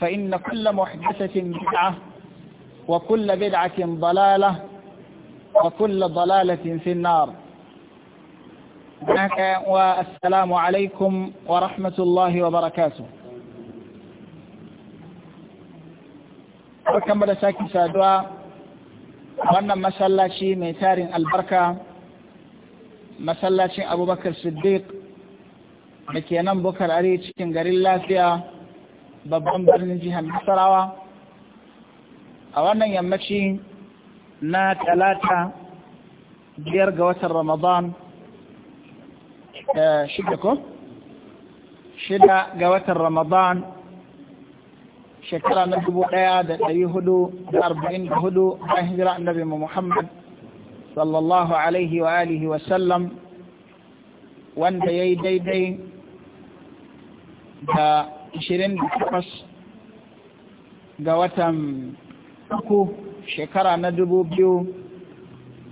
فإن كل محدثة بدعة وكل بدعة ضلالة وكل ضلالة في النار والسلام عليكم ورحمة الله وبركاته barkan da saki saduwa wannan masallaci mai tarin albarka masallacin abubakar siddiq da ke nan bukar are cikin garin lafiya babban birnin jihar Nasarawa a wannan yammaci na talata biyar ga watan Ramadan eh, shida ko? shida ga watan Ramadan shekara na dubu ɗaya da ɗari hudu da arba'in da hudu bayan hijira annabi Muhammad sallallahu alaihi wa alihi wa sallam wanda ya yi daidai da Ishirin da takwas ga watan uku shekara na dubu biyu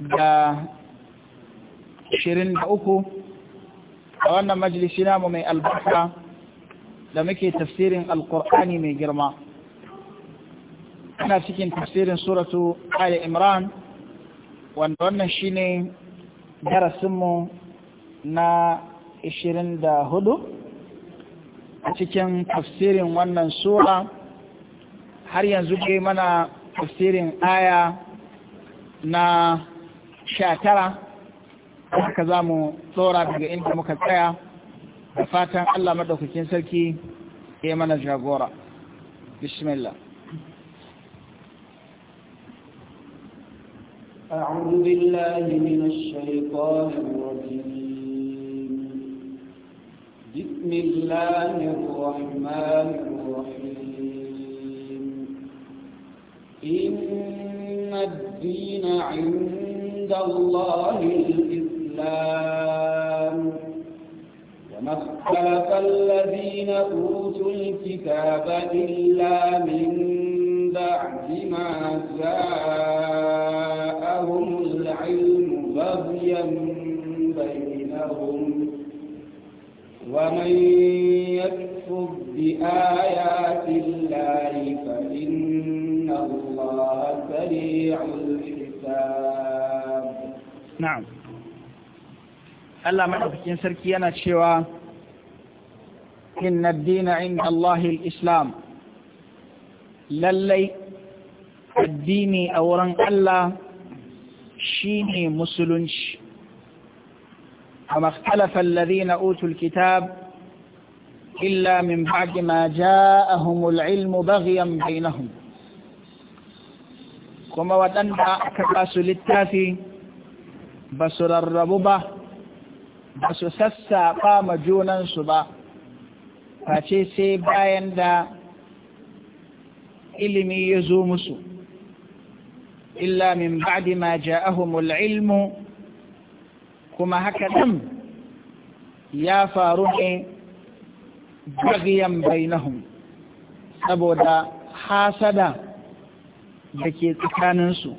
da ishirin da uku a wannan majalisi namu mai albarka da muke tafsirin alkur'ani mai girma ana cikin tafsirin suratu ali imran wanda wannan shine darasinmu na ishirin da hudu. a cikin tafsirin wannan sura har yanzu ke mana tafsirin aya na sha tara haka za mu tsora daga inda muka tsaya da fatan Allah maɗaukakin sarki ya mana jagora bismillah أعوذ بالله من الشيطان الرجيم بسم الله الرحمن الرحيم إن الدين عند الله الإسلام وما اختلف الذين أوتوا الكتاب إلا من بعد ما جاءهم العلم بغيا ومن يكفر بآيات الله فإن الله سريع الحساب نعم Allah maɗaukakin sarki yana cewa inna dina inda Allahil Islam lallai addini a wurin Allah shi ne musulunci وما اختلف الذين أوتوا الكتاب إلا من بعد ما جاءهم العلم بغيا بينهم كما ودنها كباس للتافي بسر الربوبة بس قام جونا سبا فاتيسي باين دا إلمي يزومس إلا من بعد ما جاءهم العلم kuma haka ɗin ya faru ne bagiyan bainahum saboda hasada da ke tsakaninsu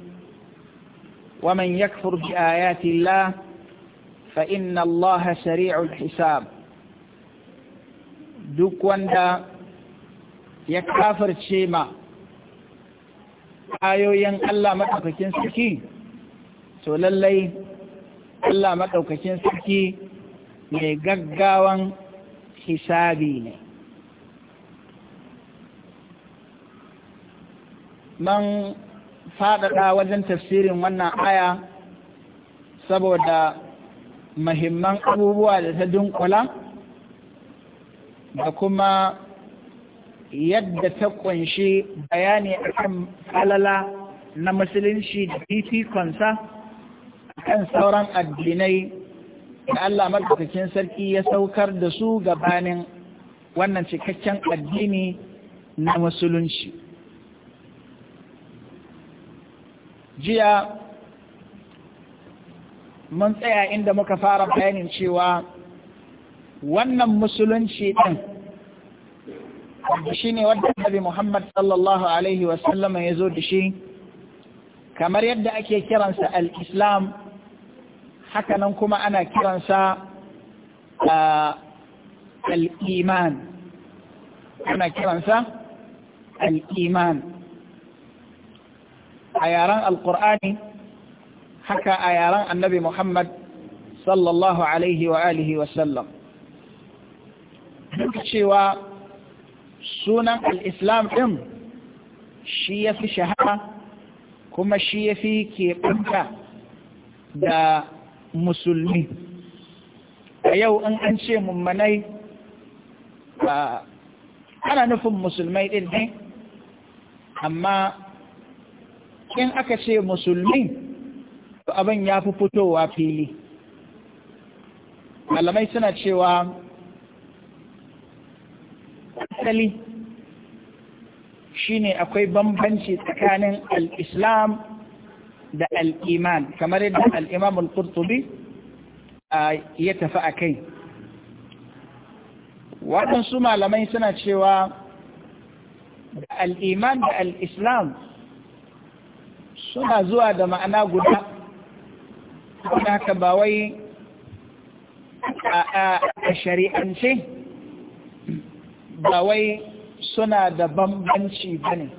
ومن يكفر بآيات الله فإن الله سريع الحساب duk wanda ya kafarce ma ayoyin Allah maɗaukakin sarki to lallai Allah maɗaukacin sarki mai gaggawan hisabi ne man faɗaɗa wajen tafsirin wannan aya saboda mahimman abubuwa da ta dunkula da kuma yadda ta ƙunshi bayani akan falala na musulunci da fifikonsa kan sauran addinai da Allah madaukakin sarki ya saukar da su gabanin wannan cikakken addini na musulunci jiya mun tsaya inda muka fara bayanin cewa wannan musulunci ɗin shi ne wadda Nabi Muhammad sallallahu Alaihi wasallama ya zo da shi kamar yadda ake kiransa al-Islam hakanan kuma ana kiransa al'iman ana kiransa al'iman a yaren al'kur'ani haka a yaren annabi muhammad sallallahu alaihi wa alihi wasallam duk cewa sunan al'islam ɗin shi ya fi shahara kuma shi ya fi keɓanta da musulmi a yau in an ce mummanai ana nufin musulmai ɗin ne amma in aka ce musulmi to abin ya fi fitowa fili malamai suna cewa asali shine akwai bambanci tsakanin al-islam da al'iman kamar yadda alimamul al-kurtubi ya tafi a kai waɗansu malamai suna cewa da al'iman da al'islam suna zuwa da ma'ana guda kuma haka ba wai a shari'ance ba wai suna da bambanci ba ne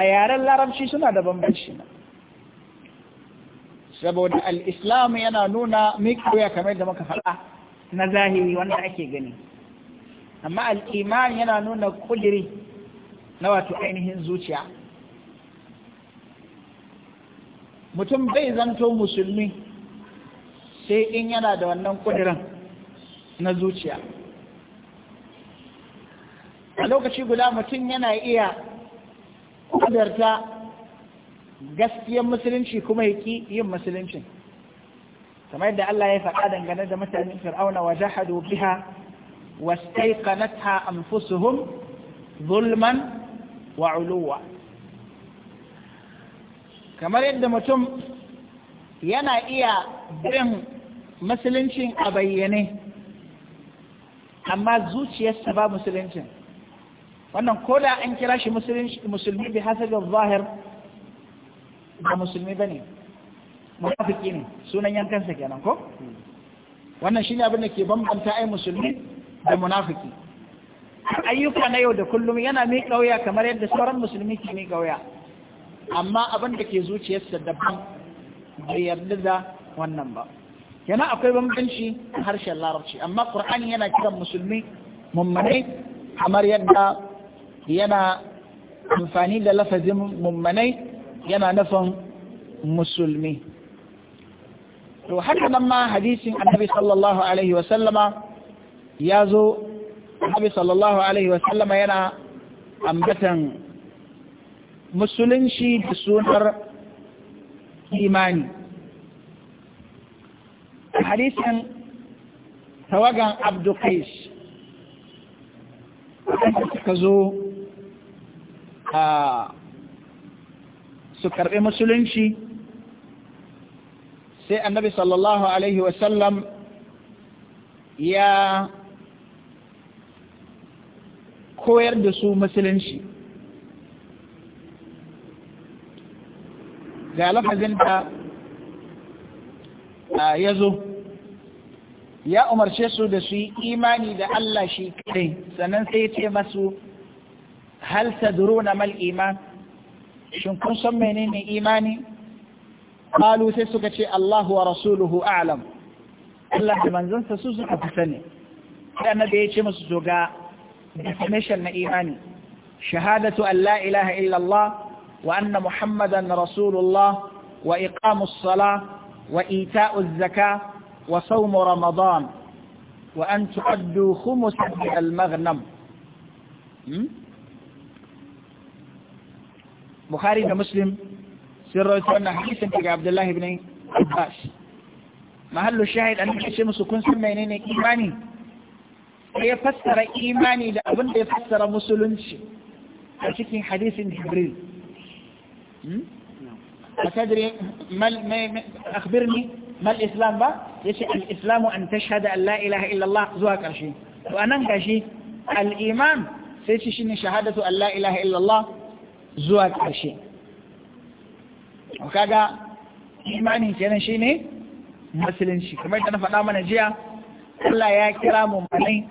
a yaren larabci suna da bambanci na saboda al yana nuna miƙoya kamar da muka faɗa na zahiri wanda ake gani amma al’iman yana nuna kudiri na wato ainihin zuciya mutum bai zanto musulmi sai in yana da wannan kudirin na zuciya a lokaci guda mutum yana iya kudarta gaskiyan musulunci kuma ya ki yin musulunci kamar yadda Allah ya faɗa dangane da mutanen fir'auna wa jahadu biha wastaiqanatha anfusuhum zulman wa uluwa kamar yadda mutum yana iya bin musuluncin a bayyane amma zuciyarsa ba musuluncin wannan ko da an kira shi musulmi bi hasabin zahir ba musulmi ne. munafiki ne sunan yankansa kenan ko wannan shine abin da ke bambanta ai musulmi da munafiki ayyuka na yau da kullum yana mai kauya kamar yadda sauran musulmi ke mai kauya amma abin da ke zuciyarsa daban bai yarda da wannan ba yana akwai bambanci harshen larabci amma ƙur'ani yana kiran musulmi mummanai kamar yadda yana amfani da lafazin mummanai yana nufin musulmi to haka nan ma hadisin annabi sallallahu alaihi wasallama ya zo annabi sallallahu alaihi wasallama yana ambatan musulunci da sunar imani hadisin tawagan abdukais suka zo a su karɓi musulunci sai annabi sallallahu alaihi wasallam ya koyar da su musulunci ga lafazin da ya zo ya umarce su da su yi imani da Allah shi kai sannan sai ya ce masu hal tadruna mal iman shin kun san menene imani qalu sai suka ce allahu wa rasuluhu a'lam Allah da manzansa su suka fi sani sai annabi ya ce musu to ga definition na imani shahadatu an la ilaha illa Allah wa anna muhammadan rasulullah wa iqamus salah wa ita'uz zakah wa sawm ramadan wa an tu'addu khumus al-maghnam hmm? بخاري ومسلم سيروت عن حديث انت عبد الله بن عباس محل الشاهد ان الشمس كن سمينين ايماني يفسر ايماني لابن يفسر مسلم شيء حديث جبريل أتدري ما ما أخبرني ما الإسلام با يسي الإسلام أن تشهد أن لا إله إلا الله زواك الشيء وأنا نقاشي الإيمان سيسي شهادة أن لا إله إلا الله zuwa ƙarshe kaga imani kenan shine musulunci kamar da na faɗa mana jiya Allah ya kira mu malai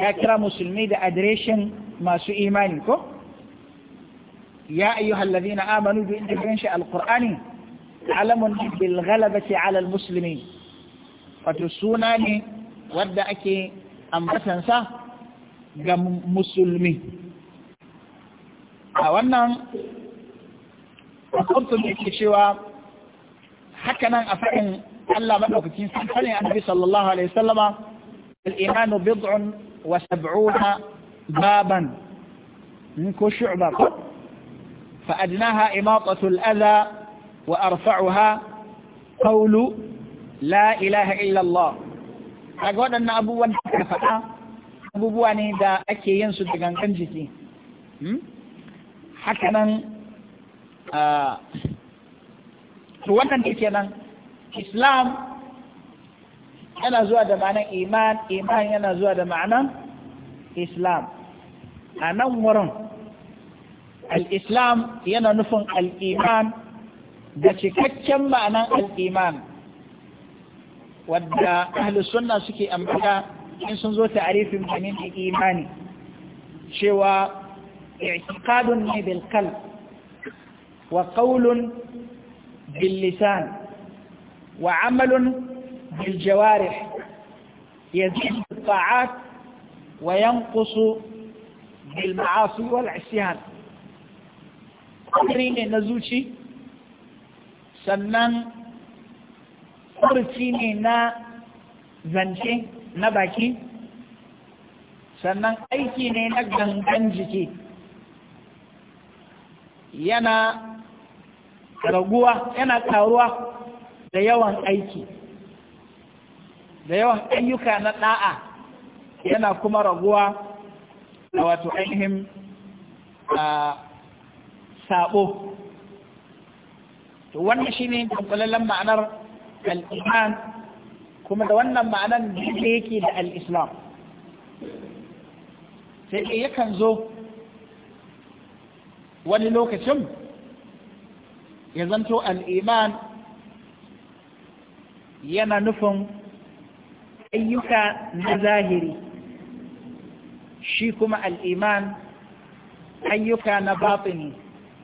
ya kira musulmi da adireshin masu imani ko ya ayyuhal ladina amanu da inda kan shi alqur'ani alamun bil ghalabati ala musulmi. wato suna ne wadda ake ambatansa ga musulmi a wannan kurtun yake cewa hakanan a faɗin Allah maɗaukakin a annabi sallallahu alaihi wasallama al'imanu bid'un wa sab'una baban hmm, ko shu'ba fa adnaha imatatu al'adha wa arfa'uha qawlu la ilaha illa Allah kaga waɗannan abubuwan da ka faɗa abubuwa ne da ake yin su da gangan jiki hmm? hakanan to wannan da kenan islam yana zuwa da ma'anan iman iman yana zuwa da ma'anar islam a nan wurin al-islam yana nufin al-iman da cikakken ma'anar al-iman wadda ahli sunna suke amfana in sun zo arifin ma'anin imani cewa اعتقاد بالقلب وقول باللسان وعمل بالجوارح يزيد بالطاعات وينقص بالمعاصي والعصيان قدري نزوشي سنن قرشيني نا زنشي نباكي سنن ايكي نينا جنجيكي yana raguwa yana karuwa da yawan aiki da yawan ayyuka na ɗa'a yana kuma raguwa da wato ainihin sabo to wannan shine kankulallen ma'anar al'iman kuma da wannan ma'anar da yake da al'islam sai yakan zo wani lokacin ya zanto al'iman yana nufin ayyuka na zahiri shi kuma al'iman ayyuka na batini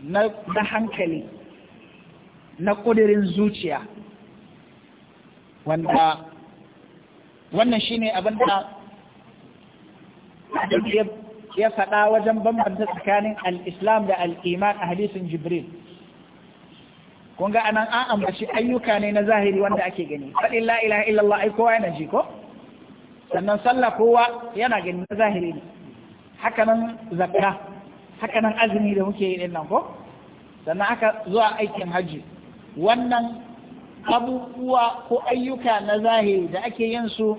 na hankali na ƙudurin zuciya wanda wannan shine abin da ya ya faɗa wajen bambanta tsakanin Al'islam da Al'iman a hadisin jibril kun ga anan an ambaci ayyuka ne na zahiri wanda ake gani faɗin la ilaha illallah ai kowa yana ji ko sannan sallah kowa yana gani na zahiri ne haka nan zakka haka nan azumi da muke yi ɗin nan ko sannan aka zuwa aikin hajji wannan abubuwa ko ayyuka na zahiri da ake yin su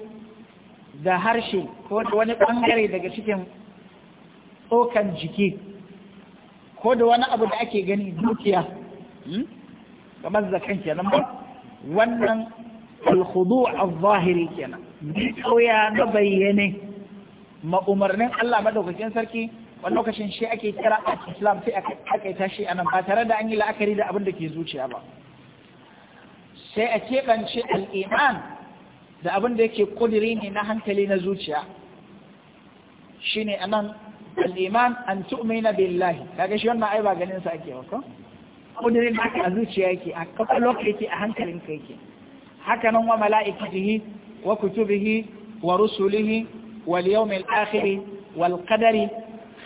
da harshe ko wani bangare daga cikin tsokan jiki ko da wani abu da ake gani dukiya hmm? kamar zakan kenan ba wannan alhudu a zahiri kenan bi kauya na bayyane ma Allah madaukakin sarki wani lokacin shi ake kira a islam sai aka a nan. ba tare da an yi la'akari da abin da ke zuciya ba sai a keɓance al'iman da abin da yake kudiri ne na hankali na zuciya shi ne anan al-iman an tu'mina billahi kaga shi wannan ai ba ganin sa ake ba ko kudirin a zuciya yake a kwakwalwarka yake a hankalin ka ke. haka nan wa mala'ikatihi wa kutubihi wa rusulihi wal yawmil akhir wal qadari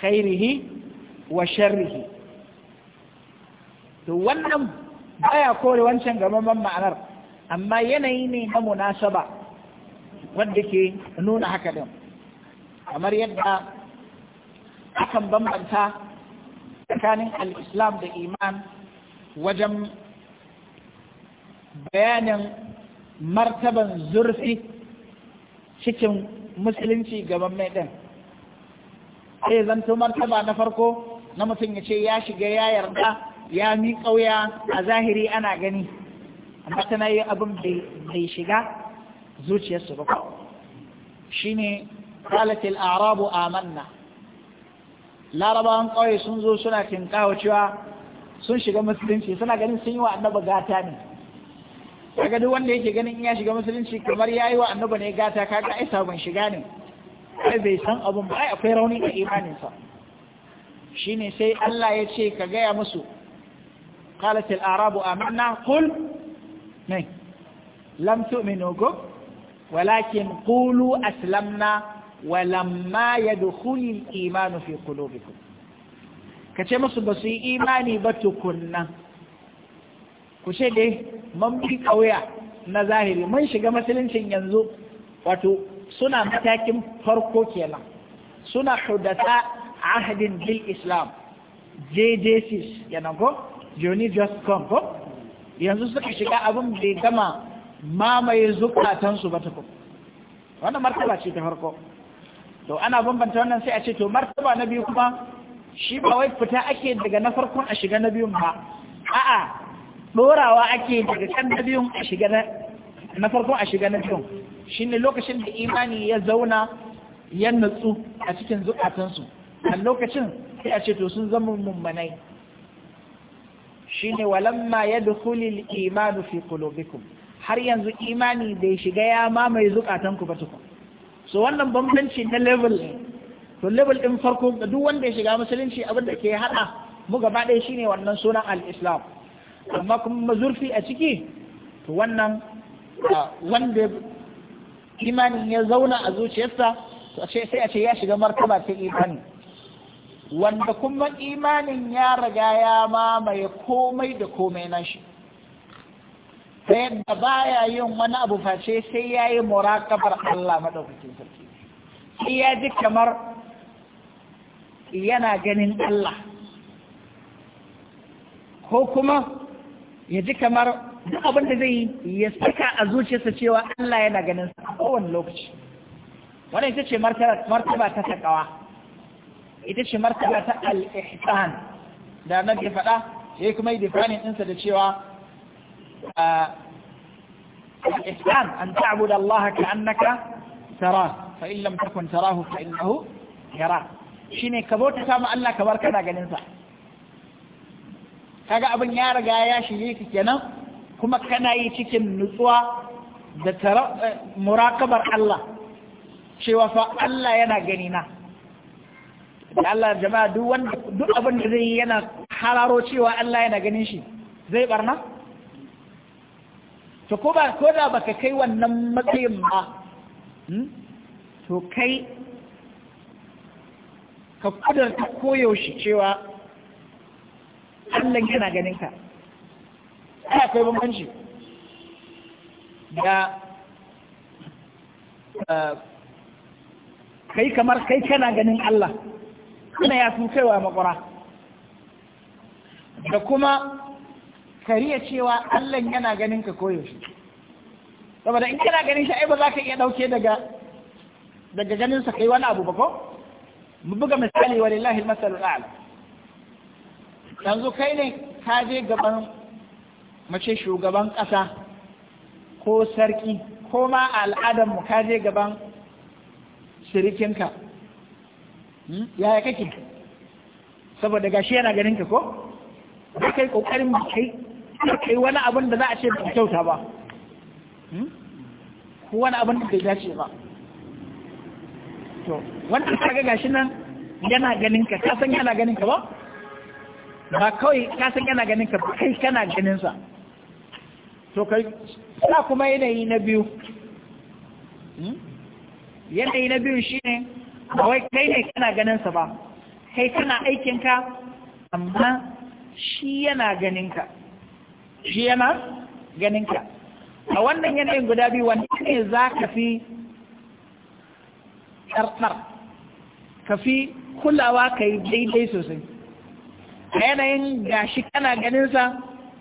khairihi wa sharrihi to wannan baya kore wancan gaban ma'anar amma yanayi ne na munasaba wanda ke nuna haka din kamar yadda akan bambanta tsakanin al'islam da iman wajen bayanin martaban zurfi cikin musulunci gaban mai ɗin sai zanto martaba na farko na mutum ya ce ya shiga ya yarda ya mi ƙauya a zahiri ana gani amma tana yi abin bai shiga zuciyarsu ba shi ne قالت الأعراب آمنا larabawan ƙauye sun zo suna tinkawa cewa sun shiga musulunci suna ganin sun yi wa annaba gata ne kaga duk wanda yake ganin ya shiga musulunci kamar ya yi wa annaba ne gata kaga ai sabon shiga ne ai bai san abun ba ai akwai rauni a imaninsa shine sai Allah ya ce ka gaya musu kalatil Arabu arabu amanna qul ne lam tu'minu walakin kulu aslamna walamma yadkhulul imanu fi qulubikum kace musu ba su yi imani ba tukunna ku ce dai mun kauya na zahiri mun shiga musuluncin yanzu wato suna matakin farko kenan suna hudata ahadin bil islam JJCs yana ko Johnny just come ko yanzu suka shiga abin bai gama mamaye zukatansu ba tukun wannan martaba ce ta farko to ana bambanta wannan sai a ce to martaba na biyu kuma shi ba wai fita ake daga na farkon a shiga na biyun ba a'a dorawa ake daga kan na biyun a shiga na farkon a shiga na biyun shine lokacin da imani ya zauna ya nutsu a cikin zukatansu a lokacin sai a ce to sun zama mummanai shine walamma yadkhulul imanu fi qulubikum har yanzu imani bai shiga ya mamaye zukatanku ba tukun so wannan bambanci na level to level din farko da duk wanda ya shiga musulunci abin da ke haɗa mu gaba ɗaya shine wannan sunan al-islam amma kuma mazurfi a ciki to wannan ah, wanda imanin ya zauna a zuciyarsa sai a ce ya shiga martaba ta imani wanda kuma imanin ya riga ya mamaye komai da komai nashi shi ta yadda baya yin wani abu face sai ya yi murakabar Allah maɗaukacin sarki sai ya ji kamar yana ganin Allah ko kuma ya ji kamar duk abin da zai ya saka a zuciyarsa cewa Allah yana ganin sa a kowane lokaci wannan ita ce martaba ta takawa ita ce martaba ta al-ihsan da na ke faɗa sai kuma yi difanin ɗinsa da cewa الإحسان أن تعبد الله كأنك تراه فإن لم تكن تراه فإنه يراك shine ka bauta samu Allah kamar kana ganin sa kaga abin ya riga ya shige ki kenan kuma kana yi cikin nutsuwa da murakabar Allah cewa fa Allah yana gani na Allah jama'a duk wanda duk abin da zai yana hararo cewa Allah yana ganin shi zai barna to ko ba ko da baka kai wannan matsayin ba hmm, to kai ka kudurta koyaushe cewa Allah yana ganin ka kai akwai bambanci da eh, kai kamar kai kana ganin Allah kana ya sun kaiwa makura da kuma kariya cewa Allah yana ganin ka koyaushe saboda in kana ganin shi ai ba za ka iya ɗauke daga daga ganin sa kai wani abu ba ko mu buga misali wa lillahi al-masalul a'la yanzu kai ne ka je gaban mace shugaban ƙasa ko sarki ko ma al'adar mu ka je gaban sirikinka hmm? yaya kake saboda gashi yana ganin ka ko kai kokarin kai kai wani abin da za a ce ba kyauta ba hmm? ko wani abin da ya ce ba to wannan kaga gashi nan yana ganin ka kasan yana ganin ka ba ba kawai kasan yana ganin ka kai kana ganin sa to kai sa kuma yanayi na biyu hmm? yanayi na biyu shine ne kawai kai ne kana ganin sa ba kai kana aikin ka amma shi yana ganin ka shi yana ganin ka a wannan yanayin guda biyu wanda ne za ka fi tsartsar ka fi kulawa ka yi daidai sosai a yanayin gashi kana ganinsa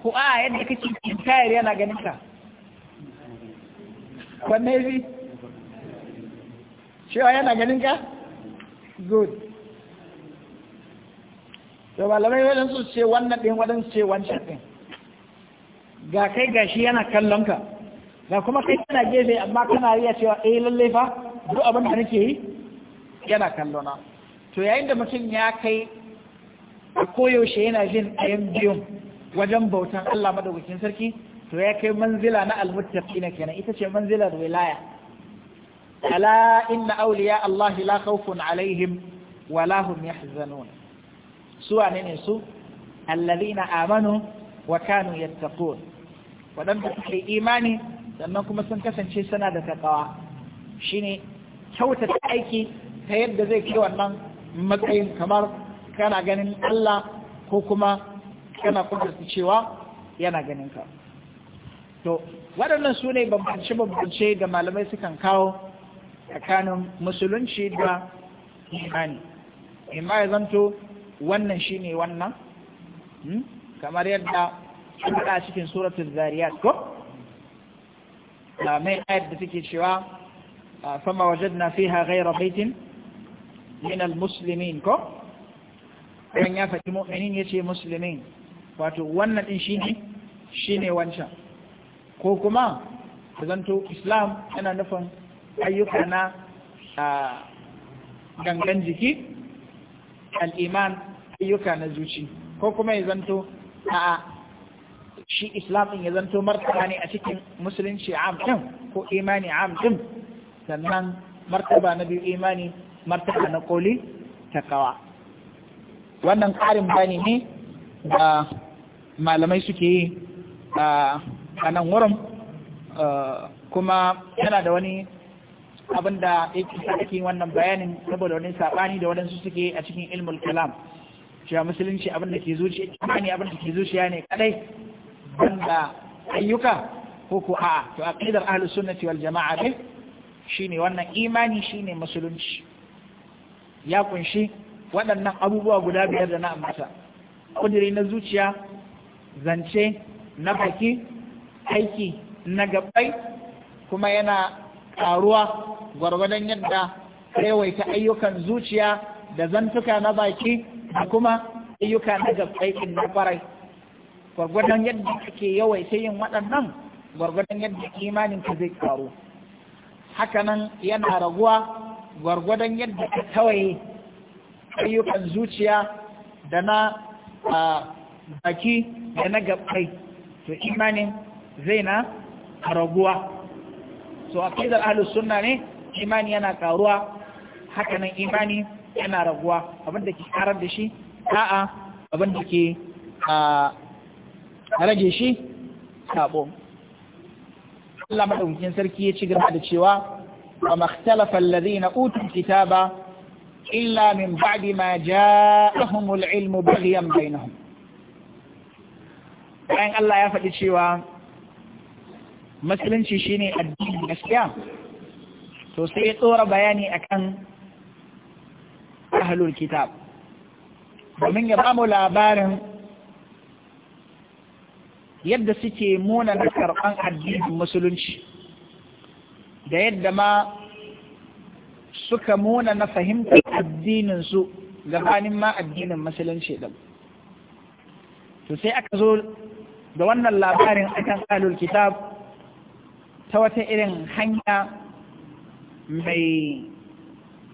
ko a yadda kake tayar yana ganinka wanne shi cewa yana ganinka good to malamai wadansu ce wannan ɗin wadansu ce wancan ɗin ga kai gashi yana kallon ka ga kuma kai kana gefe amma kana riya cewa eh lalle fa duk abin da nake yi yana kallona to yayin da mutum ya kai a koyaushe yana jin ayan biyun wajen bautan Allah madaukakin sarki to ya kai manzila na almuttaqina kenan ita ce manzilar wilaya ala inna awliya Allah la khawfun alaihim wa la hum yahzanun su wane ne su alladhina amanu wa kanu yattaqun waɗanda suke imani sannan kuma sun kasance suna da takawa shine kyautata aiki ta yadda zai ke wannan matsayin kamar kana ganin Allah ko kuma kana kudurta cewa yana ganin ka to waɗannan su ne bambance-bambance da malamai sukan kawo tsakanin musulunci da imani imani zan zanto wannan shi ne wannan hmm? kamar yadda an faɗa cikin suratul zariyat ko mai ayat da take cewa fama wajadna fiha ghayra baitin min Musulmin ko dan ya faɗi mu'minin yace Musulmin wato wannan din shi ne wancan ko kuma zanto islam yana nufin ayyuka na gangan jiki al'iman ayyuka na zuci ko kuma ya zanto a shi islamin ya zanto martaba ne a cikin musulunci am din ko imani am din sannan martaba na biyu imani martaba na koli kawa wannan ƙarin bani ne da malamai suke yi a nan wurin kuma yana da wani abin da yake wannan bayanin saboda wani saɓani da waɗansu suke a cikin ilmul kalam cewa musulunci abin da ke zuciya ne abin da ke zuciya ne kadai banda ayyuka ko a to aqidar ahlus sunnati wal jama'a ne shine wannan imani shine musulunci ya kunshi waɗannan abubuwa guda biyar da na ambata kudiri na zuciya zance na baki aiki na gabbai kuma yana ƙaruwa gwargwadon yadda yawaita ayyukan zuciya da zantuka na baki da kuma ayyuka na gabbai na kwarai gwargwadon yadda kake yawaita yin waɗannan gwargwadon yadda imanin ka zai karu hakanan yana raguwa gwargwadon yadda ka tawaye ayyukan zuciya da na baki da na gabbai to imanin zai na raguwa so aqidar ahalus sunna ne imani yana karuwa hakanan imani yana raguwa abinda ke karar da shi a'a abinda ke rage shi sabo Allah madaukakin sarki ya ci gaba da cewa wa makhtalafa alladhina utul kitaba illa min ba'di ma ja'ahumul ilmu baghyan bainahum bayan Allah ya faɗi cewa musulunci shine addini gaskiya to sai ya tsora bayani akan ahlul kitab domin ya bamu labarin yadda suke muna karɓar addinin musulunci da yadda ma suka muna na fahimtar addininsu gabanin ma addinin musulunci ɗin to sai aka zo da wannan labarin akan alul kitab ta wata irin hanya mai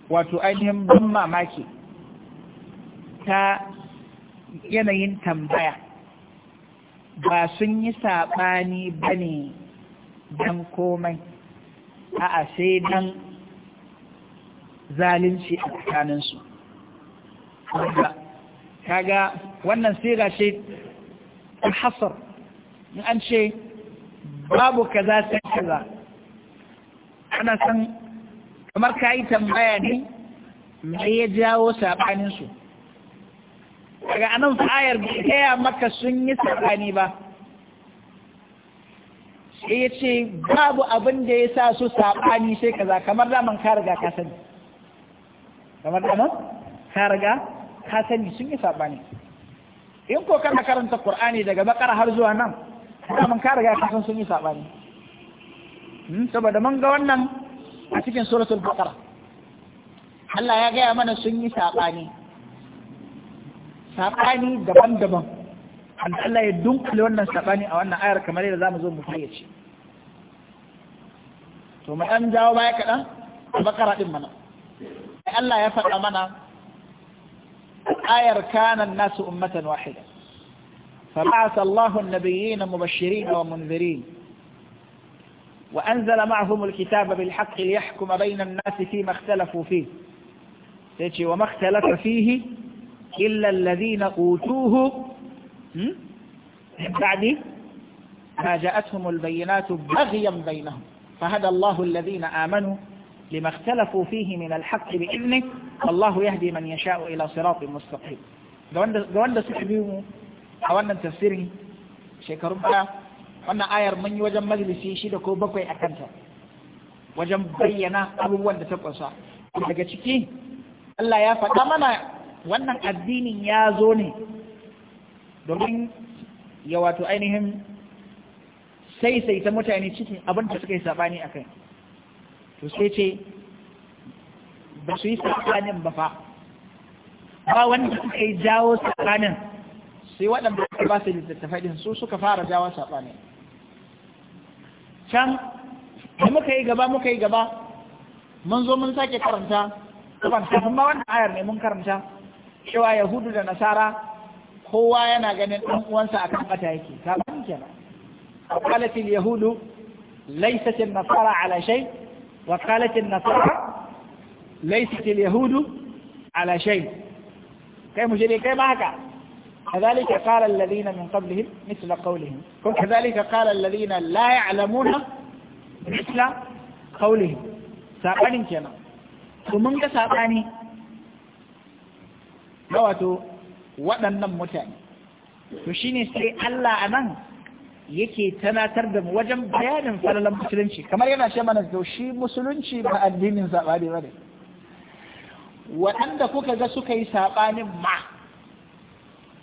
wato ainihin ban mamaki ta yanayin tambaya ba sun yi saɓani ba ne don komai a sai don zalunci a tsakaninsu kaga wannan sira ce hasar in an ce babu ka ta sai kaza ana san kamar ka yi tambaya ne mai ya jawo saɓaninsu daga anan ayar bai maka sun yi saɓani ba sai ya ce babu abin da ya sa su saɓani sai kaza kamar daman ka riga ka sani kamar daman ka riga ka sani sun yi saɓani in ko kana karanta Qur'ani daga bakar har zuwa nan daman ka riga ka san sun yi saɓani hmm, saboda mun ga wannan a cikin suratul baqara Allah ya gaya mana sun yi saɓani saɓani daban-daban an Allah ya dunkule wannan saɓani a wannan ayar kamar yadda zamu zo mu fayyace to mu ɗan jawo baya kaɗan bakara din mana Allah ya faɗa mana ayar kanan nasu ummatan wahida فبعث الله النبيين مبشرين ومنذرين وأنزل معهم الكتاب بالحق ليحكم بين الناس فيما اختلفوا فيه يجي وما اختلف فيه إلا الذين أوتوه بعد يعني ما جاءتهم البينات بغيا بينهم فهدى الله الذين آمنوا لما اختلفوا فيه من الحق بإذنه فالله يهدي من يشاء إلى صراط مستقيم جواند سحبيهم حوانا تفسيره شيك ربنا وانا آير من وجم مجلس يشيدك وبقي أكنت وجم بينا أبوان تتقصى لقد تكيه الله يافق أمنا wannan addinin ya zo ne domin ya wato ainihin saisaita mutane cikin abin da suka yi saɓani a kai to sai ce ba su yi sabanin ba fa ba wanda suka yi jawo saɓanin sai waɗanda suka ba su littattafai ɗin su suka fara jawo sabanin can da muka yi gaba muka yi gaba mun zo mun sake karanta kafin ma wannan ayar ne mun karanta cewa yahudu da nasara kowa yana ganin ɗan uwansa akan bata yake ka ban kenan qalat al yahudu laysat al nasara ala shay wa qalat al nasara laysat al yahudu ala كذلك قال الذين من قبلهم مثل قولهم وكذلك قال الذين لا يعلمون مثل قولهم سابانين كنا ومن كساباني na wato waɗannan mutane to ne sai Allah a nan yake tanatar da mu wajen bayanin falalan musulunci kamar yana ce mana to shi musulunci ba addinin saɓani ba ne waɗanda kuka ga suka yi saɓanin ma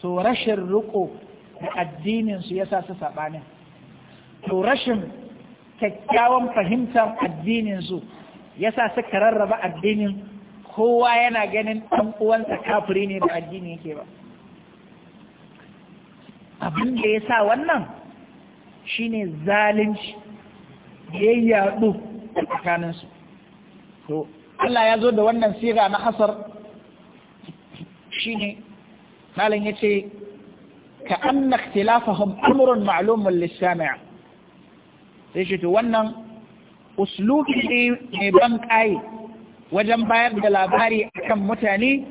to rashin riƙo da addinin su sa su saɓanin to rashin kyakkyawan fahimtar addinin su yasa suka rarraba addinin kowa yana ganin ɗan uwansa kafiri ne da addini yake ba abin da ya sa wannan shine zalunci ya yaɗu a tsakaninsu to Allah ya zo da wannan sira na hasar shine malam ya ce ka an na ikhtilafahum amrun ma'lumun sai shi to wannan uslubi ne ban kayi wajen bayar da labari akan mutane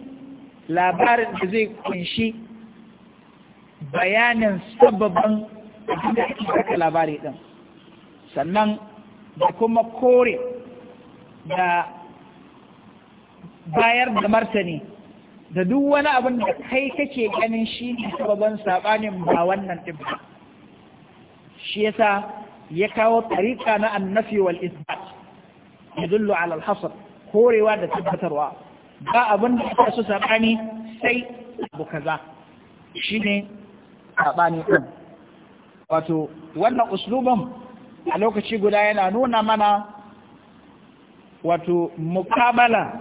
labarin da zai kunshi bayanin sababin da ake saka labari ɗin sannan da kuma kore da bayar da martani da duk wani abin da kai kake ganin shi ne sababin saɓanin ba wannan ɗin ba shi yasa ya kawo tarika na annafi wal isbat ya ala al-hasr korewa da tabbatarwa ba abin da aka so sabani sai abu kaza shine sabani din wato wannan usluban a lokaci guda yana nuna mana wato mukabala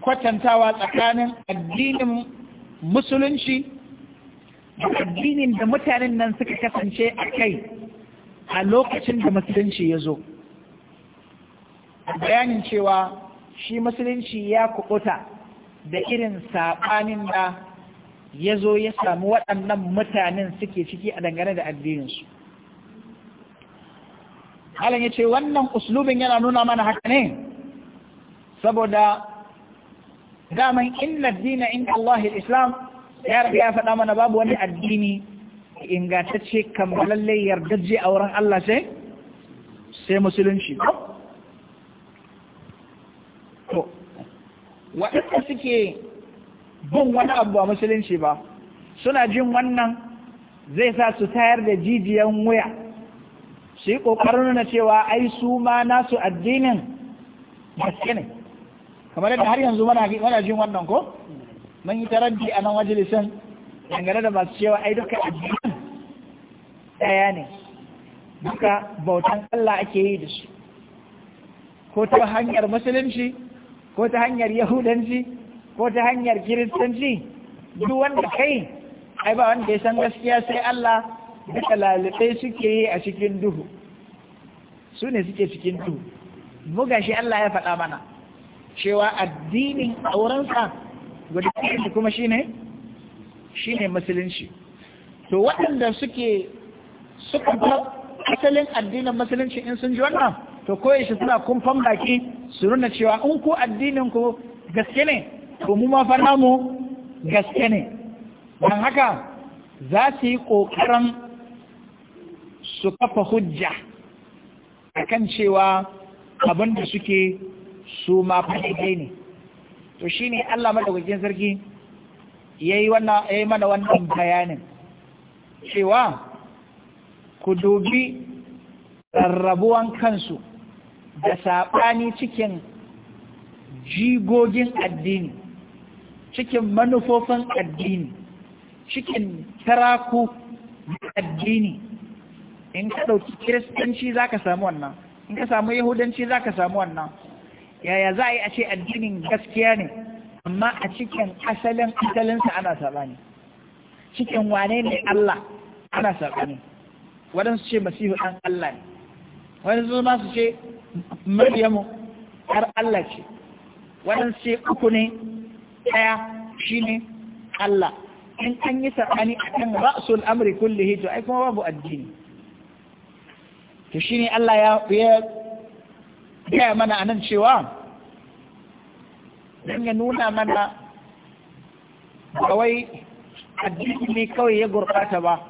kwatantawa tsakanin addinin musulunci da addinin da mutanen nan suka kasance a kai a lokacin da musulunci ya zo bayanin cewa shi musulunci ya kubuta da irin saɓanin da ya zo ya samu waɗannan mutanen suke ciki a dangane da addininsu. Halin ya ce wannan uslubin yana nuna mana haka ne, saboda daman inna dina in Allah islam ya rabu ya faɗa mana babu wani addini ingantacce kammalalle yardaje a wurin Allah sai? Sai musulunci. waɗanda suke bin wani abu a musulunci ba suna jin wannan zai sa su tayar da jijiyan wuya su yi ƙoƙarin nuna cewa ai su ma nasu addinin gaske ne kamar yadda har yanzu mana jin wannan ko mun yi taraddi a nan majalisan dangane da masu cewa ai duka addinin ɗaya ne duka bautan Allah ake yi da su ko ta hanyar musulunci ko ta hanyar yahudanci ko ta hanyar kiristanci duk wanda kai ai ba wanda ya san gaskiya sai Allah duka lalibai suke yi a cikin duhu su ne suke cikin duhu muga shi Allah ya faɗa mana cewa addinin aurensa guda kuma shine shine musulunci to waɗanda suke suka asalin addinin musulunci in sun ji wannan to koyaushe suna kumfan baki su nuna cewa in ku addinin ku gaske ne to mu ma fa namu gaske ne don haka za su yi ƙoƙarin su kafa hujja akan cewa abin da suke su ma fa ne to shine Allah madaukakin sarki yayi wannan yayi mana wannan bayanin cewa ku dubi rarrabuwan kansu da saɓani cikin jigogin addini cikin manufofin addini cikin taraku addini in ka ɗauki kiristanci za ka samu wannan in ka samu yahudanci za ka samu wannan yaya za a yi a ce addinin gaskiya ne amma a cikin asalin asalinsa ana saɓani cikin wane ne Allah ana saɓani waɗansu ce masihu ɗan Allah ne waɗansu ma su ce maryamu har Allah ce waɗansu uku ne ɗaya shi ne Allah in an yi saɓani a kan ra'asul amri kulle hito, ai kuma babu addini to shi ne Allah ya gaya mana anan cewa don ya nuna mana kawai addini ne kawai ya gurɓata ba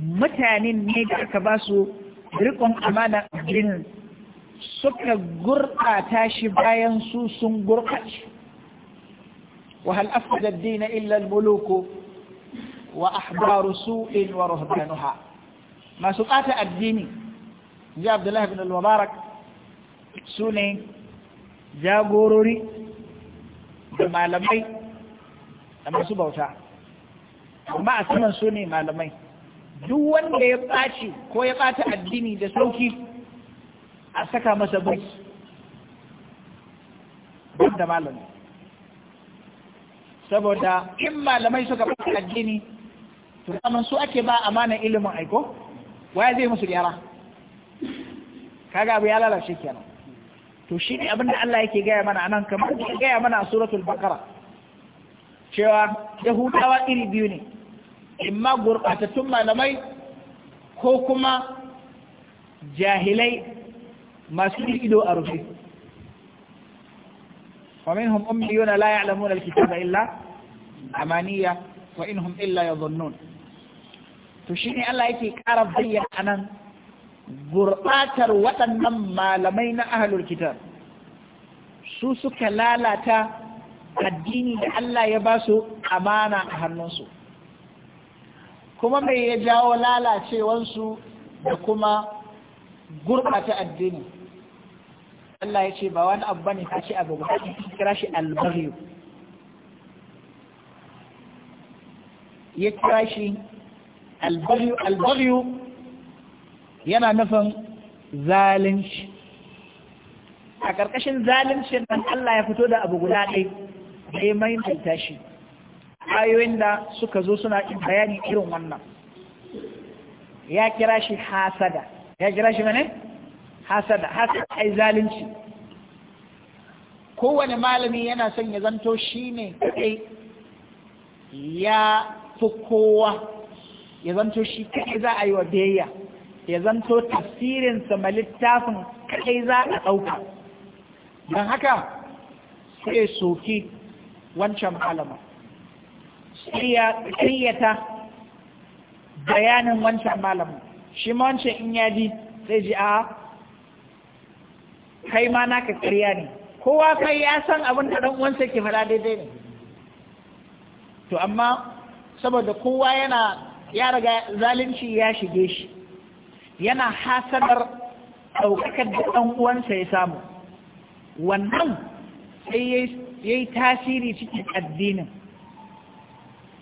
mutanen ne da aka ba su riƙon amanar addinin suka gurɓata shi bayan su sun gurɓace wa hal da ad illal illa al wa ahbaru su'in wa ruhbanuha masu ƙata addini ji Abdullahi ibn al-Mubarak sune jagorori da malamai da masu bauta amma a saman su ne malamai duk wanda ya ɓaci ko ya ɓata addini da sauki a saka masa bai da malami saboda in malamai suka ba addini to kaman su ake ba amanan ilimin aiko waya zai musu gyara kaga abu ya lalace kenan to shi ne abinda Allah yake gaya mana anan kamar da gaya mana a suratul baqara cewa yahudawa iri biyu ne imma gurbatattun malamai ko kuma jahilai masu ido a rufe ومنهم Wa لا يعلمون illa ya zannun. To shi ne Allah yake يكي كارب a nan gurɓatar waɗannan malamai na ahalul su suka lalata addini da Allah ya ba su amana a hannunsu kuma mai ya jawo lalacewansu da kuma gurɓata addini Allah ya ce ba wani abu bane ka ce abu ba kira shi albaghi ya kira shi albaryu, albaryu yana nufin zalunci a ƙarƙashin zalunci nan Allah ya fito da abu guda ɗai da ya maimaita shi ayoyin da suka zo suna yin bayani irin wannan ya kira shi hasada ya kira shi mene? hasada hasada ai zalunci kowane malami yana son ya zanto shi ne kai ya fi kowa ya zanto shi kai za a yi wa biyayya ya zanto tafsirinsa ma littafin kai za a ɗauka don haka sai soki wancan malama sai ya ƙayyata bayanin wancan malamin shi ma wancan in ji sai ji a kai ma naka ƙarya ne kowa kai ya san abin da ɗan uwansa ke faɗa daidai ne to amma saboda kowa yana ya riga zalunci ya shige shi yana hasadar ɗaukakar da ɗan uwansa ya samu wannan sai ya yi tasiri cikin addinin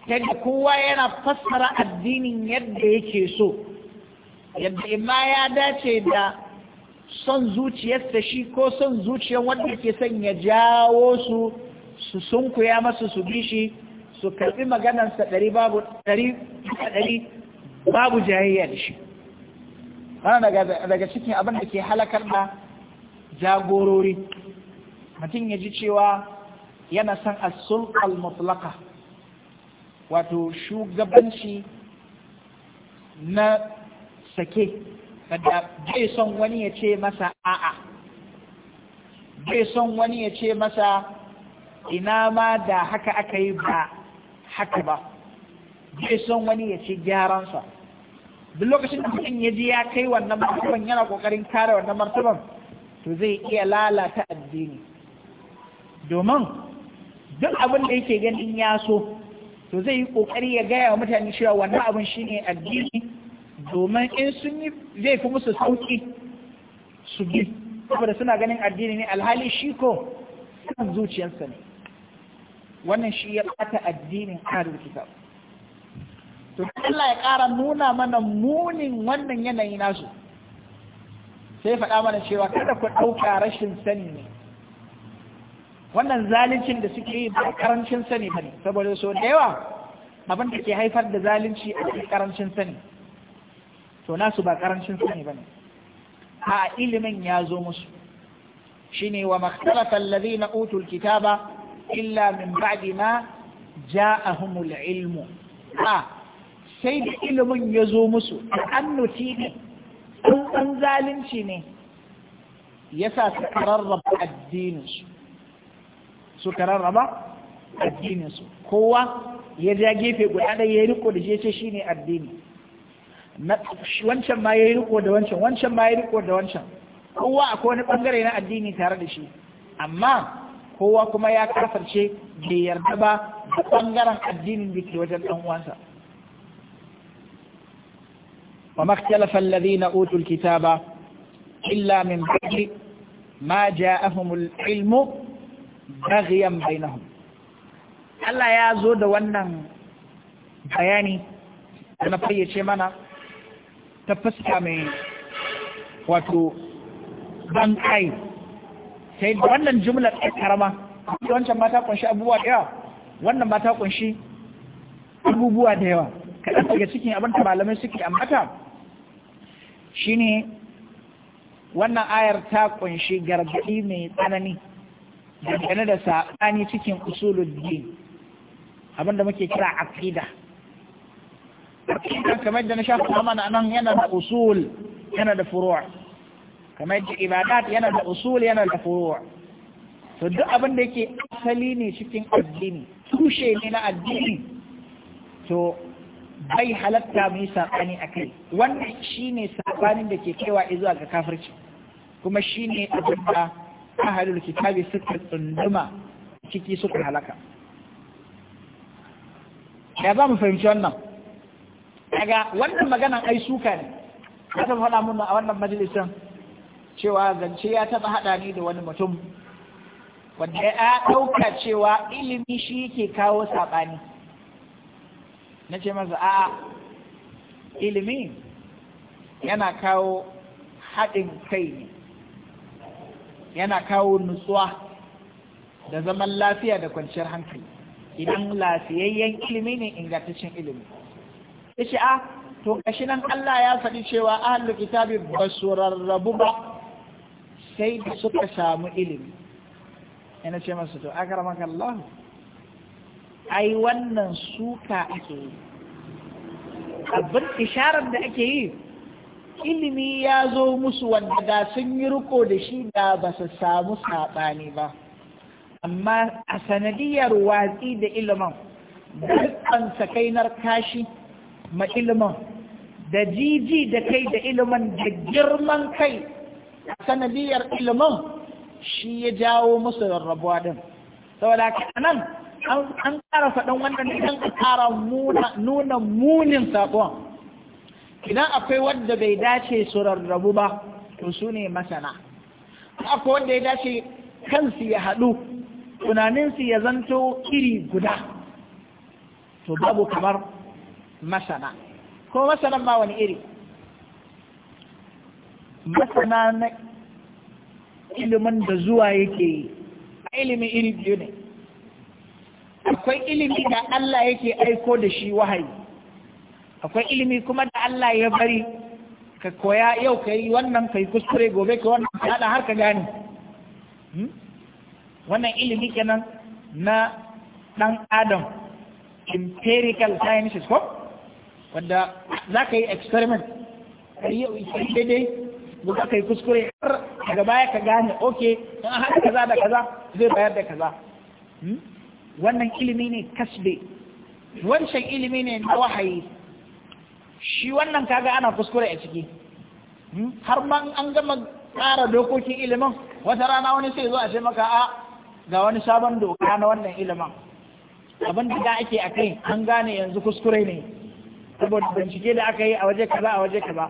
yadda kowa yana fassara addinin yadda yake so yadda ma ya dace da son zuciyarsa shi ko son zuciyar wanda ke son ya jawo su su sunkuya masa su bi shi su karbi maganarsa ɗari babu ɗari shi daga cikin abin da ke halakar da jagorori mutum ya ji cewa yana son a sulqal mutlaka wato shugabanci na sake kada bai son wani ya ce masa a'a bai son wani ya ce masa ina ma da haka aka yi ba haka ba bai son wani ya ce gyaransa duk lokacin da mutum ya ji ya kai wannan martaban yana kokarin kare wannan martaban to zai iya lalata addini domin duk abin da yake ganin ya so to zai yi kokari ya gaya wa mutane cewa wannan abin shine addini domin in sun yi zai fi musu sauki su bi saboda suna ganin addini ne alhali shi ko san zuciyarsa ne wannan shi ya bata addinin karin kita to Allah ya kara nuna mana munin wannan yanayi nasu sai faɗa mana cewa kada ku ɗauka rashin sani ne wannan zalincin da suke yi ba karancin sani ba ne saboda so da yawa abin da ke haifar da zalunci a karancin sani to nasu ba karancin sani bane a ilimin ya zo musu shine wa makhtalafa alladhina utul kitaba illa min ba'di ma ja'ahumul ilmu a sai da ilimin ya zo musu annuti ne an zalunci ne yasa su kararraba addininsu su kararraba addininsu kowa ya ja gefe guda ɗaya ya riko da shi ce shine addini wancan ma ya yi riko da wancan wancan ma ya yi riko da wancan kowa akwai wani bangare na addini tare da shi amma kowa kuma ya kafarce bai yarda ba da bangaren addinin da ke wajen ɗan uwansa wa makhtalafa alladhina utul kitaba illa min ba'di ma ja'ahum al-ilmu baghiyan bainahum Allah ya zo da wannan bayani da na fayyace mana ta fuska mai wato ban kai sai da wannan jumlar ɗan karama wancan mata kunshi abubuwa da yawa wannan mata kunshi abubuwa da yawa kaɗan daga cikin abin da malamai suke a mata shine wannan ayar ta kunshi gargaɗi mai tsanani dangane da saɓani cikin usulun din abin da muke kira aqida idan kamar da na sha faɗa mana nan yana da usul yana da furu'a kamar yadda ibadat yana da usul yana da furu'a to duk abin da yake asali ne cikin addini tushe ne na addini to bai halatta mu yi saɓani a kai wannan shine saɓanin da ke kaiwa zuwa ga kafirci kuma shi a abin da ahalul kitabi suka tsunduma ciki suka halaka ya za mu fahimci wannan daga wannan maganan ai suka ne ka ta faɗa mun a wannan majalisar. cewa zance ya taɓa haɗa ni da wani mutum wanda ya ɗauka cewa ilimi shi yake kawo saɓani na ce masa a ilimi yana kawo haɗin kai ne yana kawo nutsuwa da zaman lafiya da kwanciyar hankali idan lafiyayyen ilimi ne ingantaccen ilimi yace a ah, to kashi nan Allah ya faɗi cewa ahlul kitabi su rarrabu ba sai da suka samu ilimi ina ce masu to akramaka Allah ai wannan suka ake yi abin isharar da ake yi ilimi ya zo musu wanda da sun yi riko da shi da ba su samu saɓani ba amma a sanadiyar watsi da ilimin dukkan sakainar kashi ma ilimin da jiji da kai da ilimin da girman kai a sanadiyar ilimin shi ya jawo musu rarrabuwa din saboda nan an ƙara faɗin wannan idan a ƙara nuna munin saƙon idan akwai wanda bai dace su rarrabu ba to su ne masana akwai wanda ya dace kansu ya haɗu tunaninsu ya zanto iri guda to babu kamar masana ko masanan ma wani iri masana na ilimin da zuwa yake yi a ilimin iri biyu ne akwai ilimi da Allah yake aiko da shi wahayi akwai ilimi kuma da Allah ya bari ka koya yau ka yi wannan ka yi kuskure gobe ka wannan ka hada har ka gane hmm? wannan ilimi kenan na dan adam empirical sciences ko wanda za ka yi experiment ka yi daidai za ka yi kuskure har daga baya ka gane ok in an haɗa kaza da kaza zai bayar da kaza hmm? wannan ilimi ne kasbe wancan ilimi ne na wahayi shi wannan kaga ana kuskure a ciki hmm? har ma an gama ƙara dokokin ilimin wata rana wani sai zo a ce maka a ga wani sabon doka na wannan ilimin abin da ake a kai an gane yanzu kuskure ne saboda bincike da aka yi a waje kaza a waje kaza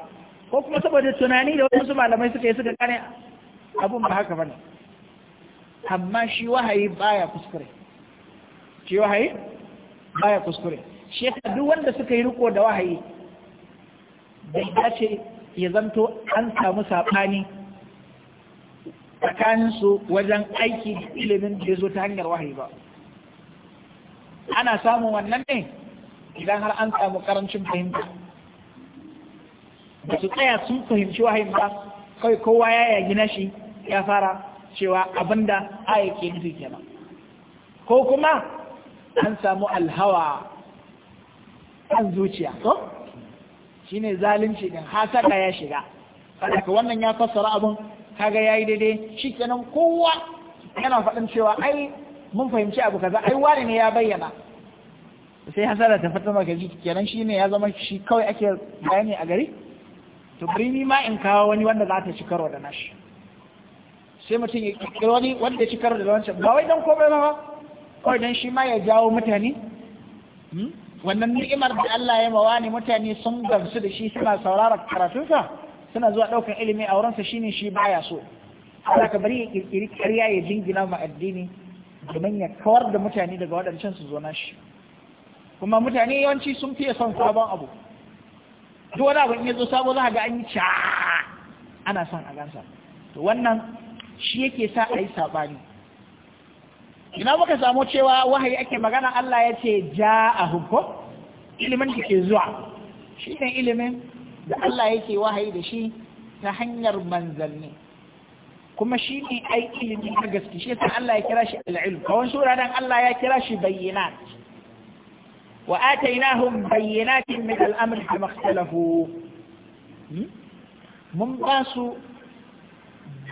ko kuma saboda tunani da wasu malamai suka yi suka gane abun ba haka bane amma shi wahayi baya kuskure shi wahayi baya kuskure shekha duk wanda suka yi riko da wahayi bai dace ya zanto an samu sabani tsakaninsu wajen aiki da ilimin da ya zo ta hanyar wahayi ba ana samun wannan ne idan har an samu karancin fahimta ba su tsaya sun fahimci wahayin ba kawai kowa ya yagi nashi ya fara cewa abinda aya ke nufi kenan ko kuma an samu alhawa an zuciya shi ne zalunci din hasada ya shiga ka wannan ya fassara abin kaga yayi daidai shi kenan kowa yana faɗin cewa ai mun fahimci abu kaza ai wane ne ya bayyana sai hasara ta fata maka ji kenan shi ne ya zama shi kawai ake bayani a gari to bari ni ma in kawo wani wanda za ta ci karo da nashi sai mutum ya kirkiri wani wanda ya ci karo da wancan ba wai don komai ba kawai don shi ma ya jawo mutane hmm? wannan ni'imar da Allah ya mawa ne mutane sun gamsu da shi suna saurara karatunsa suna zuwa ɗaukar ilimi a wurinsa shine shi baya so Allah ka bari ya kirkiri ƙarya ya jingina ma addini domin ya kawar da mutane daga waɗancan su zo nashi kuma mutane yawanci sun fiye son sabon abu duk wani abu in ya zo sabo za ga an yi ca ana son a gansa to wannan shi yake sa a yi saɓani ina muka samu cewa wahayi ake magana Allah ya ce ja a hukko ilimin ke zuwa shi ne ilimin da Allah yake wahayi da shi ta hanyar manzanni kuma shi ne aiki ilimin na gaske shi Allah ya kira shi al'ilm kawon shura dan Allah ya kira shi bayyana. وآتيناهم بينات من الأمر كما اختلفوا من باسوا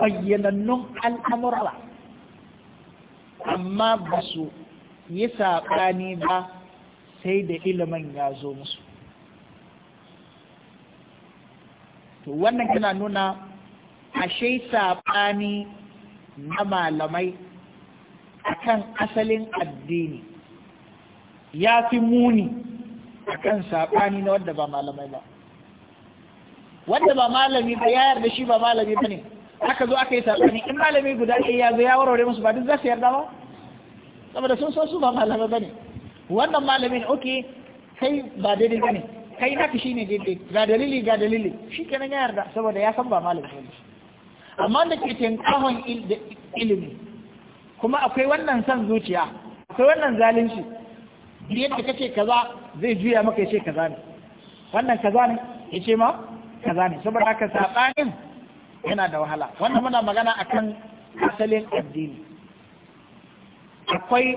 بينا النم الأمر أما باسوا يساقاني با سيد إلمن يازو مسو to wannan yana nuna ashe saɓani na malamai akan asalin addini ya fi muni a kan saɓani na wadda ba malamai ba wadda ba malami ba ya yarda shi ba malami ba ne aka zo aka yi saɓani in malami guda ɗaya ya zo ya warware musu ba duk za su yarda ba saboda sun so su ba malamai ba ne wannan malamin oke kai ba daidai ba ne kai naka shi ne daidai ga dalili ga dalili shi kenan ya yarda saboda ya san ba malami ba ne amma da ke tinkahon ilimi kuma akwai wannan son zuciya akwai wannan zalunci duk yadda ce kaza zai juya maka ya ce kaza ne wannan kaza ne ya ce ma kaza ne saboda haka sabanin yana da wahala wannan muna magana akan asalin addini akwai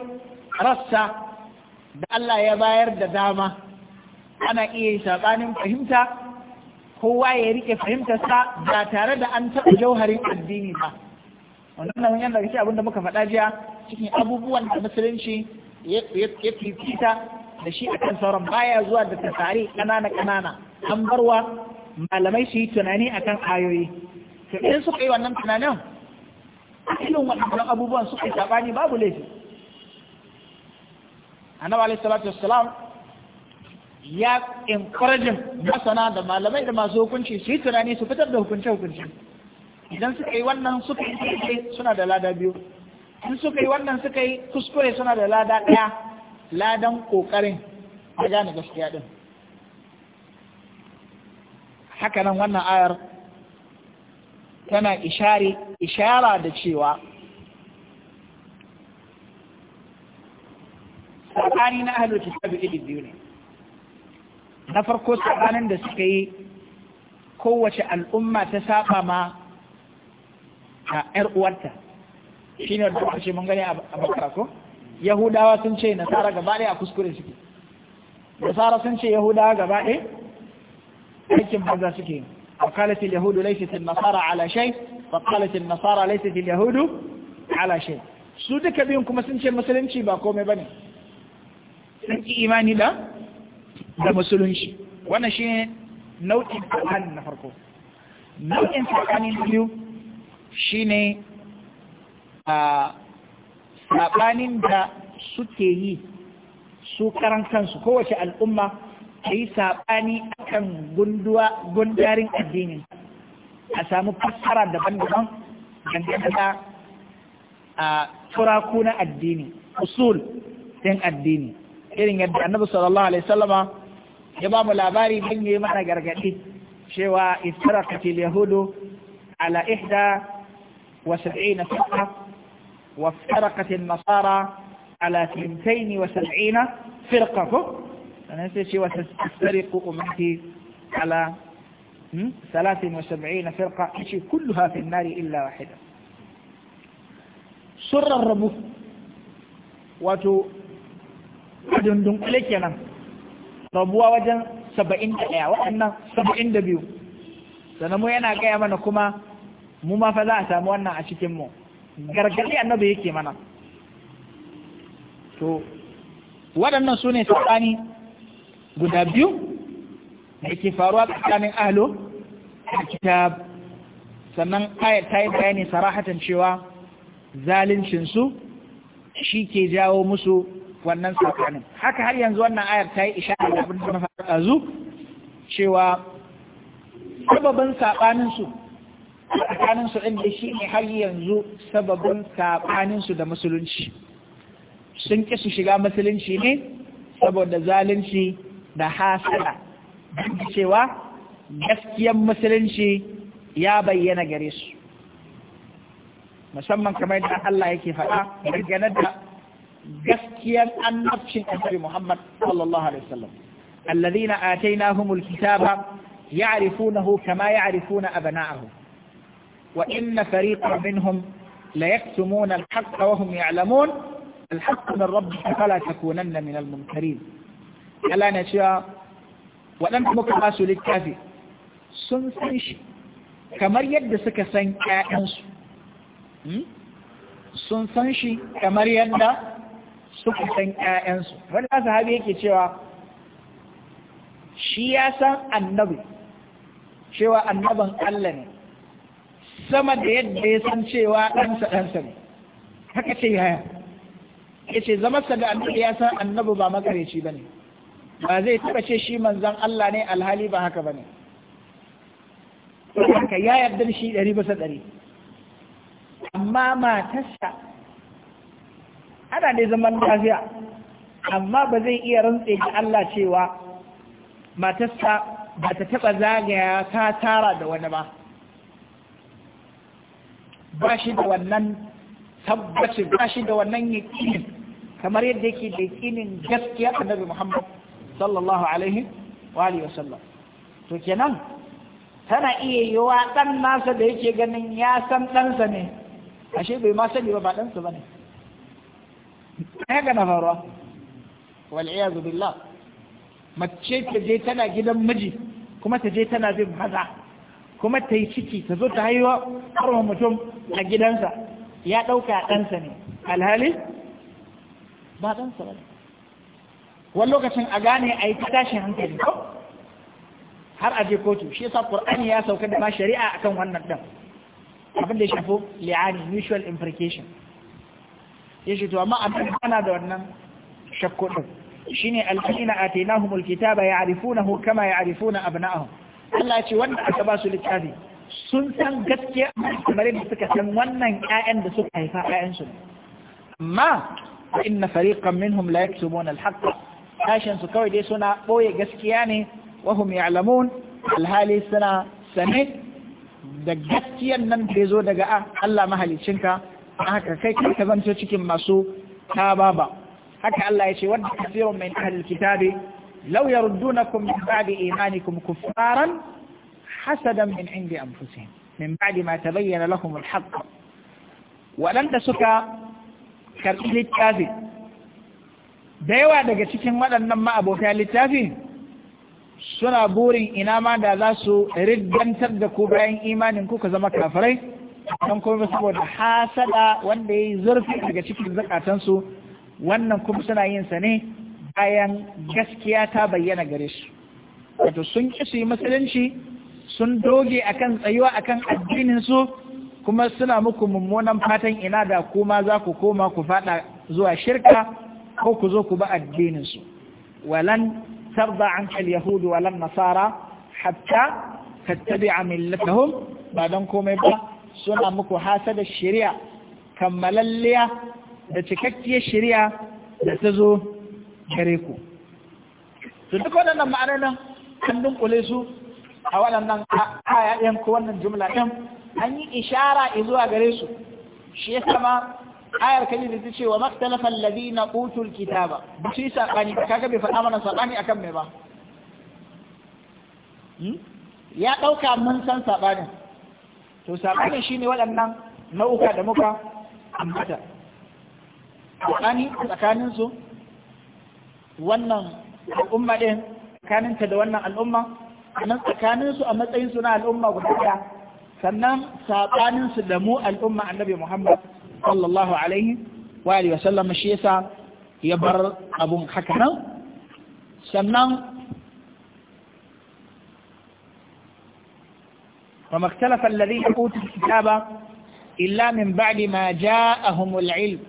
rassa da Allah ya bayar da dama ana iya yi sabanin fahimta kowa ya rike fahimtarsa ba tare da an taɓa jauharin addini ba wannan yana daga abin da muka faɗa jiya cikin abubuwan da musulunci ya fifita da shi akan sauran baya zuwa da tasari ƙanana ƙanana an barwa malamai su yi tunani akan ayoyi to in suka yi wannan tunanin ilin waɗannan abubuwan suka yi saɓani babu laifi annabi alaihi salatu wassalam ya encouraging masana da malamai da masu hukunci su yi tunani su fitar da hukunce hukunce idan suka yi wannan suka yi suna da lada biyu in suka yi wannan suka yi kuskure suna da lada ɗaya ladan ƙoƙarin a gane gaskiya ɗin haka nan wannan ayar tana ishari ishara da cewa tsakani na ta kitabu iri biyu ne na farko tsakanin da suka yi kowace al'umma ta saba ma a 'yar uwarta shi ne wanda aka ce mun gani a bakara ko yahudawa sun ce nasara gaba ɗaya a kuskure suke nasara sun ce yahudawa gaba ɗaya aikin banza suke وقالت اليهود ليست النصارى على شيء وقالت النصارى ليست Yahudu على شيء su duka biyun kuma sun ce musulunci ba komai bane sun ki imani da da musulunci wannan shi shine nau'in tsakanin na farko nau'in tsakanin biyu ne. a saɓanin da suke yi su kansu kowace al'umma ta yi saɓani akan gundarin addini a samu fassara daban-daban dangane da a turaku na addini usul din addini irin yadda annabi sallallahu alaihi sallama ya ba mu labari don yi mana gargaɗi cewa istarakatil yahudu ala ihda wa sab'ina sa'a وافترقت النصارى على ثنتين وسبعين فرقة فنسيش وتسترق أمتي على ثلاث وسبعين فرقة كلها في النار إلا واحدة سر الربو wato dunkule kenan rabuwa wajen saba'in da ɗaya waɗannan saba'in biyu sannan mu gaya mana kuma muma fa za a samu wannan a cikinmu gargaɗi annabi yake mana to waɗannan su ne saɓani guda biyu da ke faruwa tsakanin ahlo a kitab sannan ayat ta yi bayani sarahatan cewa zaluncinsu shi ke jawo musu wannan saɓanin haka har yanzu wannan ayat ta yi ishara da abin da na faru cewa sababin saɓaninsu tsakaninsu ɗin da shi ne har yanzu sababin saɓaninsu da musulunci sun ƙi su shiga musulunci ne saboda zalunci da hasada da cewa gaskiyar musulunci ya bayyana gare su musamman kamar da Allah yake faɗa dangane da gaskiyar annabcin annabi Muhammad sallallahu alaihi wasallam alladhina atainahumul kitaba ya'rifunahu kama ya'rifuna abna'ahum وإن فريقا منهم ليكتمون الحق وهم يعلمون الحق من ربك فلا تكونن من الممترين ألا نشاء وأنت مكباس للكافي سنسنش kamar yadda suka san ƴaƴansu sun san kamar yadda suka san ƴaƴansu wani sahabi yake cewa shi ya san annabi cewa annaban Allah ne sama da yadda ya san cewa ɗansa ɗansa ne haka ce yaya ya ce zama sa da annabi ya san annabi ba makareci ba ne ba zai taɓa ce shi manzan Allah ne alhali ba haka ba ne haka ya yarda shi ɗari bisa ɗari amma matarsa ana dai zaman lafiya amma ba zai iya rantse da Allah cewa matarsa ba ta taɓa zagaya ta tara da wani ba ba shi da wannan tabbaci ba shi da wannan yaƙinin kamar yadda yake da yaƙinin gaskiya annabi Muhammad sallallahu alaihi wa alihi wasallam to kenan tana iya yiwa ɗan nasa da yake ganin ya san ɗansa ne ashe bai ma sani ba ba ɗansa ba ne ya gana faruwa wal'iyazu billah mace ta je tana gidan miji kuma ta je tana bin maza kuma ta yi ciki ta zo ta haihuwa harwa mutum a gidansa ya ɗauka ɗansa ne alhali ba ɗansa ba wani lokacin a gane a yi ta tashin hankali ko har a je kotu shi yasa qur'ani ya sauka da ma shari'a akan wannan ɗan abin da ya shafo li'ani mutual implication ya shi to amma abin ana da wannan shakku ɗin shine alladina atainahumul kitaba ya'rifunahu kama ya'rifuna abna'ahum Allah ce wanda aka ba su littafi sun san gaskiya kamar yadda suka san wannan ƴaƴan da suka haifa ƴaƴan su amma fa inna fariqan minhum la yaktubuna al-haqq tashin su kawai dai suna boye gaskiya ne wa hum ya'lamun alhali suna sane da gaskiyan nan da zo daga Allah mahalicinka haka kai ka zanto cikin masu tababa haka Allah ya ce wanda kasirun min ahlil kitabi law yaruddunakum min ba'di imanikum kuffaran hasadan min indi anfusihim min ba'di ma tabayyana lahum al-haqq waɗanda suka karɓi littafi da yawa daga cikin waɗannan ma'abota littafi suna burin ina ma da za su riddantar da ku bayan imanin ku ka zama kafirai don kuma saboda hasada wanda ya yi zurfi daga cikin zakatansu wannan kuma suna yin sa ne bayan gaskiya ta bayyana gare su wato sun ƙi su yi musulunci sun doge akan tsayuwa akan addinin su kuma suna muku mummunan fatan ina da kuma za ku koma ku fada zuwa shirka ko ku zo ku ba addinin su walan tarda an kal yahudu walan nasara hatta tattabi'a millatahum ba don komai ba suna muku hasada shari'a kammalalliya da cikakkiyar shari'a da ta zo Kare ku to duk ma'anar ma'anonin an dunkule su a waɗannan kaya ɗin ko wannan jumla ɗin an yi ishara izuwa gare su shi ya sama ayar kaji da ta ce wa maktalafan ladina utul kitaba ba su yi saɓani ba ga bai faɗa mana saɓani akan mai ba hmm? ya ɗauka mun san saɓanin to saɓanin shine waɗannan nau'uka da muka ambata saɓani tsakaninsu wannan al'umma ɗin tsakaninta da wannan al'umma sannan tsakaninsu a matsayinsu na al'umma guda ɗaya sannan saɓaninsu da mu al'umma annabi muhammad sallallahu alaihi wa alihi wasallam shi yasa ya bar abun haka nan sannan wa وما اختلف الذين اوتوا illa min من ma ما جاءهم العلم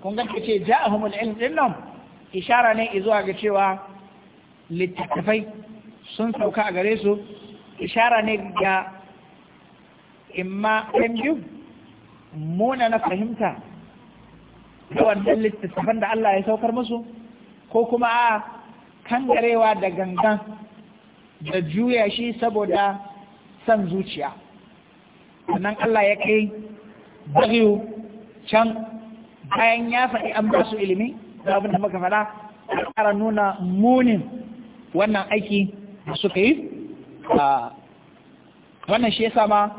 kun ga ce ja'ahum al-ilm dinnan ishara ne izuwa ga cewa littattafai sun sauka a gare su ishara ne ga imma ɗan muna na fahimta da wannan littattafan da Allah ya saukar musu ko kuma a kangarewa da gangan da juya shi saboda san zuciya sannan Allah ya kai bayu can bayan ya faɗi an ba su ilimi da abin da muka fada a ƙara nuna munin wannan aiki da suka yi wannan shi yasa ma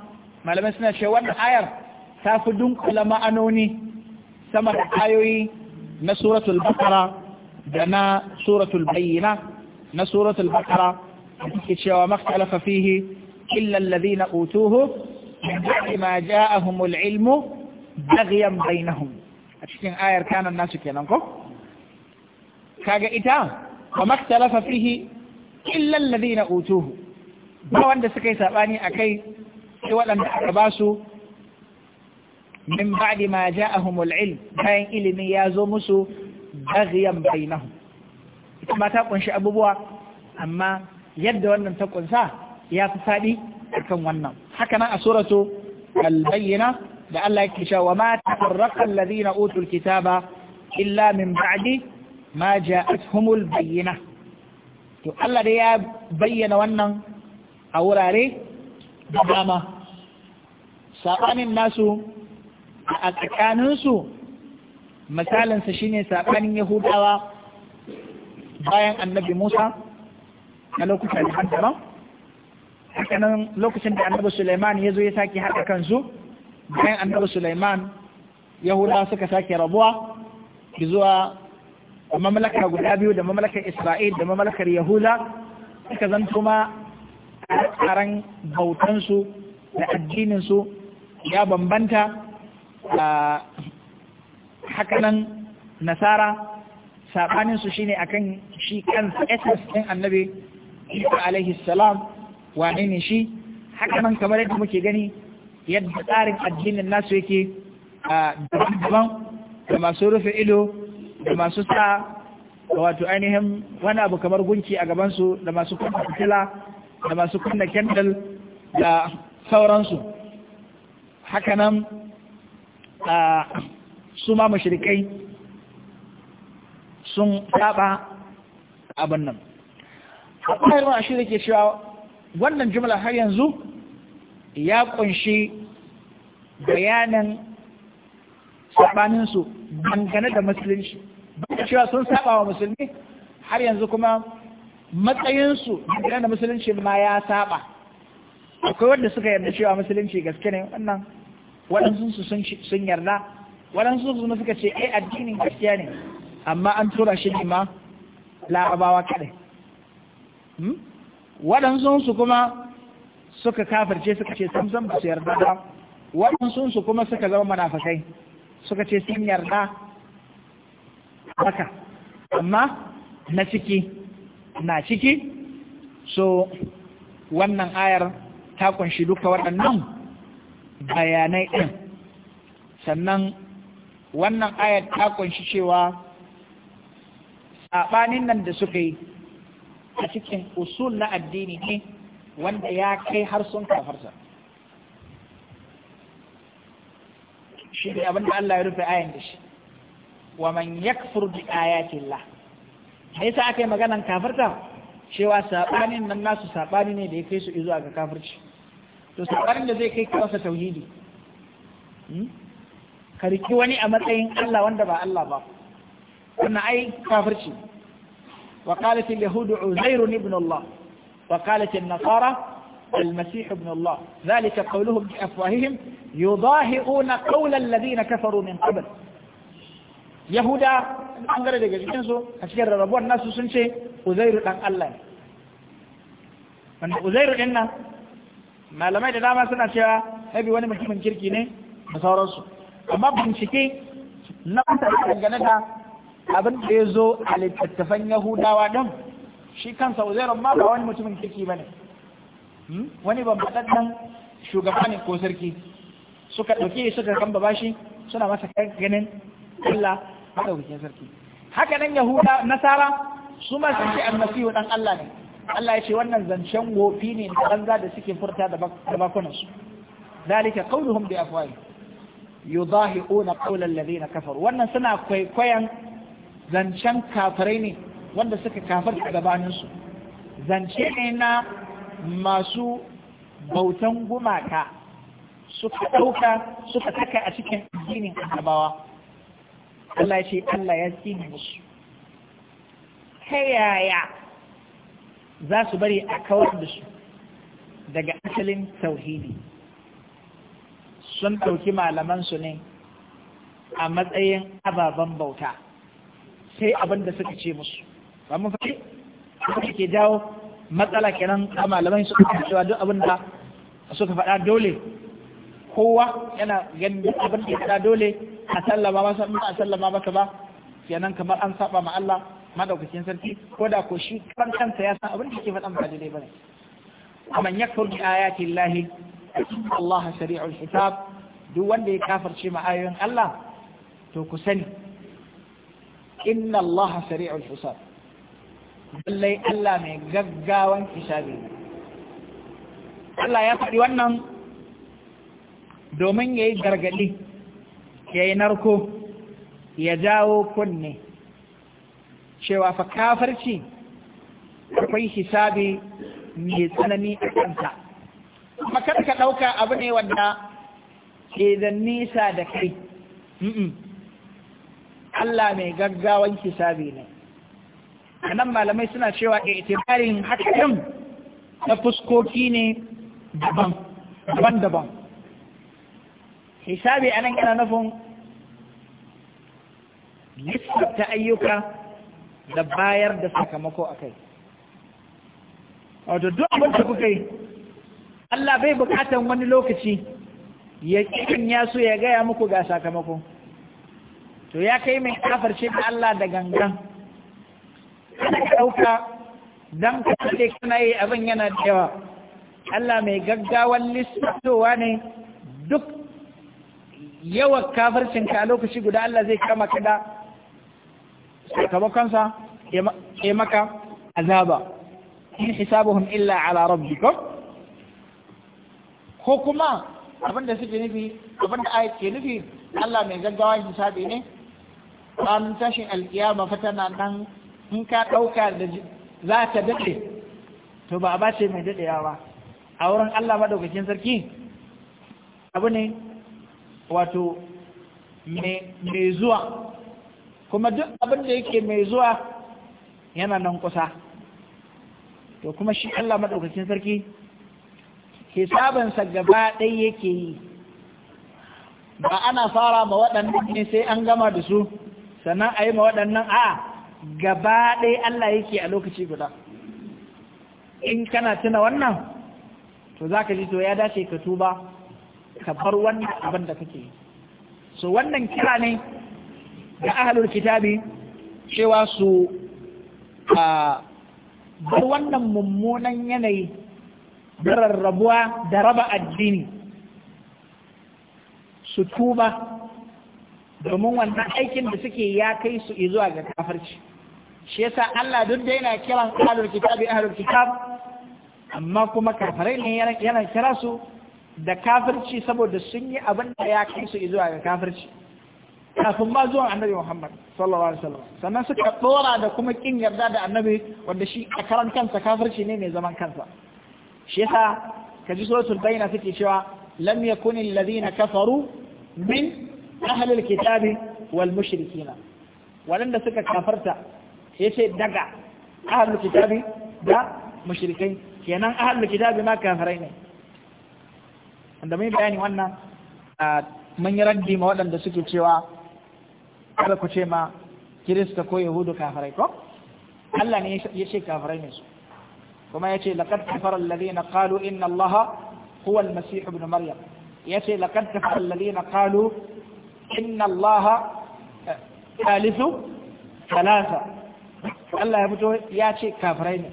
malamai suna ce wannan ayar ta fi dunkula ma'anoni sama da ayoyi na suratul bakara da na suratul bayyana na suratul bakara da take cewa makhtalafa fihi illa ladina utuhu min ma ja'ahumul ilmu baghyan bainahum a cikin ayar kanan nasu kenan ko kaga ita wa maktalafa fihi illa alladhina utuhu ba wanda suka yi sabani akai sai waɗanda aka ba su min ba'di ma ja'ahumul ilm bayan ilimi ya zo musu baghyan bainahum ita ma ta kunshi abubuwa amma yadda wannan ta kunsa ya fi faɗi akan wannan haka nan a suratu al-bayyina da Allah yake cewa ma tafarraqa alladhina utul kitaba illa min ba'di ma ja'atuhumul bayyina to Allah da ya bayyana wannan a wurare da dama saɓanin nasu a tsakaninsu sa shine sabanin yahudawa bayan annabi musa a lokutan daban-daban hakanan lokacin da annabi sulaiman ya zo ya sake haɗa kansu bayan annabi sulaiman yahudawa suka sake rabuwa zuwa da guda biyu da mamlakar Isra'il da mamlakar Yahuda suka zan kuma tsaron bautansu da addininsu ya bambanta a hakanan nasara saɓaninsu shine akan shi kansa essence ɗin annabi isa alaihi salam wane ne shi hakanan kamar yadda muke gani yadda tsarin addinin nasu yake a daban-daban da masu rufe ido da masu sa wato ainihin wani abu kamar gunki a gabansu da masu kunna fitila da masu kunna kendal da sauransu hakanan a su ma mashirikai sun saba abin nan a ƙwayarwa shi da ke cewa wannan jumla har yanzu ya ƙunshi bayanin saɓaninsu dangane da musulunci duka cewa sun saba wa musulmi har yanzu kuma matsayinsu da musulunci ma ya saba akwai wanda suka yarda cewa musulunci gaske ne wannan waɗansu sun yarda waɗansu sun suka ce ai eh, addinin gaskiya ne amma an tura shi ne ma larabawa kaɗai hmm? waɗansu kuma suka kafirce suka ce samsan ba su yarda ba waɗansu kuma suka zama manafakai suka ce sun yarda haka amma na ciki na ciki so wannan ayar ta kunshi duka waɗannan bayanai ɗin sannan wannan ayar ta kunshi cewa saɓanin nan da suka yi a cikin usul na addini ne wanda ya kai har sun kafarsa shi ne abinda Allah ya rufe ayan da shi wa man yakfur bi me yasa aka yi maganan kafirta cewa sabanin nan nasu sabani ne da ya kai su izuwa ga kafirci to sabanin da zai kai ka wasa tauhidi hmm? ka wani a matsayin Allah wanda ba Allah ba wannan ai kafirci wa qalat al yahud uzair ibn Allah wa qalat an nasara المسيح ابن الله ذلك قولهم بأفواههم يضاهئون قول الذين كفروا من قبل yahuda bangare daga cikinsu a cikin rarrabuwar nasu sun ce uzairu dan Allah ne wanda uzairu din nan malamai da dama suna cewa haibi wani mutumin kirki ne da sauransu amma bincike na wata dangane da abin da ya zo a littattafan yahudawa don shi kansa uzairu ma ba wani mutumin kirki ba ne hmm? wani bambaɗaɗɗen shugaba ne ko sarki suka ɗauke suka kamba bashi suna masa ganin Allah madaukakin sarki haka nan yahuda nasara su ma sun ce almasihu dan Allah ne Allah ya ce wannan zancen wofi ne na banza da suke furta da bakunan su dalika qauluhum bi afwahi yudahi'una qawla alladhina kafar. wannan suna kwaikwayan zancen kafirai ne wanda suka kafar da gabanin su zance ne na masu bautan gumaka suka dauka suka taka a cikin addinin annabawa Allah ce Allah ya tsine musu ta yaya za su bari a kawar da su daga asalin tauhidi sun ɗauki malamansu ne a matsayin ababen bauta sai abin da suka ce musu ba mu faɗi suka ke jawo matsala kenan a malamai suka cewa duk abin da suka faɗa dole kowa yana ganin abin da ya dole a sallama masa in a sallama masa ba kenan kamar an saba ma Allah madaukakin sarki ko da ko shi kan kansa ya san abin da yake faɗan ba daidai bane amman yakfur bi ayati llahi Allah Shari'ul hisab duk wanda ya kafarce ma ayoyin Allah to ku sani inna Allah Shari'ul hisab lallai Allah mai gaggawan hisabi Allah ya faɗi wannan domin ya yi gargaɗi ya yi narko ya jawo kunne cewa fa kafarci akwai hisabi mai tsanani a kanta kuma ka ɗauka abu ne wanda ke da nisa da kai Allah mai gaggawan hisabi ne a nan malamai suna cewa itibarin hakan na fuskoki ne daban-daban hisabi anan yana nufin lissafta ayyuka da bayar da sakamako a kai wato duk abinda kuka yi Allah bai bukatan wani lokaci ya kikin ya so ya gaya muku ga sakamako to ya kai mai kafarce da Allah da gangan kana ka ɗauka don ka ce kana yi abin yana da yawa Allah mai gaggawan lissaftowa ne duk yawan kafircinka a lokaci guda Allah zai kama ka da sakamakonsa ya maka azaba in hisabuhum illa ala rabbikum ko kuma abinda suke nufi abinda ayat ke nufi Allah mai gaggawa hisabi ne an tashin alkiyama fa tana nan in ka ɗauka da za ta daɗe to ba a ba ce mai dadewa ba a wurin Allah madaukakin sarki abu ne wato mai zuwa kuma duk abin da yake mai zuwa yana nan kusa to kuma shi Allah maɗaukacin sarki hisabansa gaba ɗaya yake yi ba ana fara ma waɗannan ne sai an gama da su sannan a yi ma waɗannan a gaba ɗaya Allah yake a lokaci guda in kana tuna wannan to za ka ji to ya dace ka tuba ka bar wannan abin da kake so wannan kira ne ga ahlul kitabi cewa su a bar wannan mummunan yanayi da rarrabuwa da raba addini su tuba domin wannan aikin da suke ya kai su zuwa ga kafarci shi yasa Allah duk da yana kiran ahlul kitabi ahlul kitab amma kuma kafarai ne yana kira su da kafirci saboda sun yi abin da ya kai su zuwa ga kafirci kafin ba zuwan annabi Muhammad sallallahu alaihi wasallam sannan suka dora da kuma kin yarda da annabi wanda shi a karan kansa kafirci ne mai zaman kansa shi yasa kaji suratul bayna suke cewa lam yakun alladhina kafaru min ahli alkitabi wal mushrikin wanda suka kafarta yace daga ahli alkitabi da mushrikai kenan ahli alkitabi ma kafirai ne wanda mai bayani wannan mun yi raddi ma waɗanda suke cewa kada ku ce ma kirista ko yahudu kafirai ko Allah ne ya ce kafirai ne su kuma ya ce laqad kafara alladhina qalu inna allah huwa almasih ibn maryam ya ce laqad kafara alladhina qalu inna allah eh, thalithu thalatha Allah ya fito ya ce kafirai ne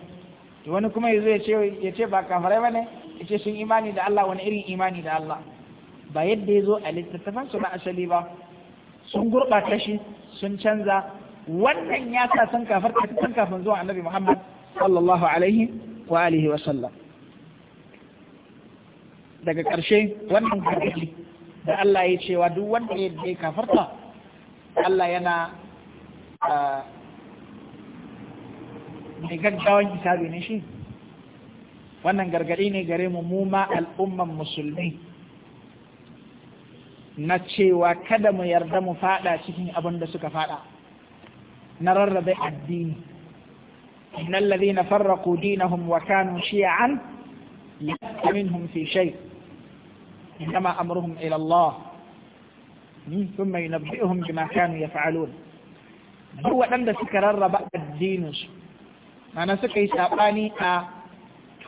wani kuma yazo ya ce ya ce ba kafirai bane ce sun imani da Allah wani irin imani da Allah ba yadda ya zo a littattafan su na asali ba sun gurɓata shi sun canza wannan ya sa sun kafarta sun kafin zuwa annabi Muhammad sallallahu alaihi wa alihi wa sallam daga ƙarshe wannan gargaɗi da Allah ya cewa duk wanda ya yi kafarta Allah yana ah, mai gaggawan hisabi ne shi wannan gargaɗi ne gare mu mu ma al'umman musulmi na cewa kada mu yarda mu fada cikin abin da suka fada na rarrabe addini innal ladhina farraqu dinahum wa kanu shi'an lasta minhum fi shay innama amruhum ila Allah hmm, thumma yunabbi'uhum bima kanu yaf'alun duk waɗanda suka rarraba addininsu ma'ana suka yi saɓani a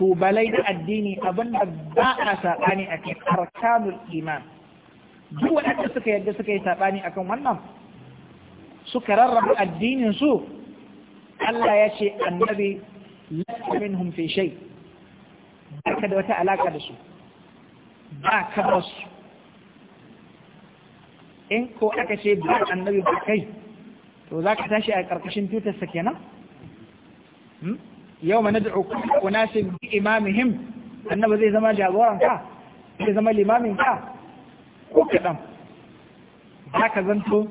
tubalai na addini abinda ba a saɓani a cikin arkanul iman duk waɗanda suka yadda suka yi saɓani akan wannan suka rarraba addinin su Allah ya ce annabi lasta minhum fi shay baka da wata alaka da su ba ka ba su in ko aka ce ba annabi ba kai to za ka tashi a ƙarƙashin tutarsa kenan hmm? yau ma na nad'u unasin bi imamihim annabi zai zama jagoran ka zai zama limamin ka ko kadan ka zanto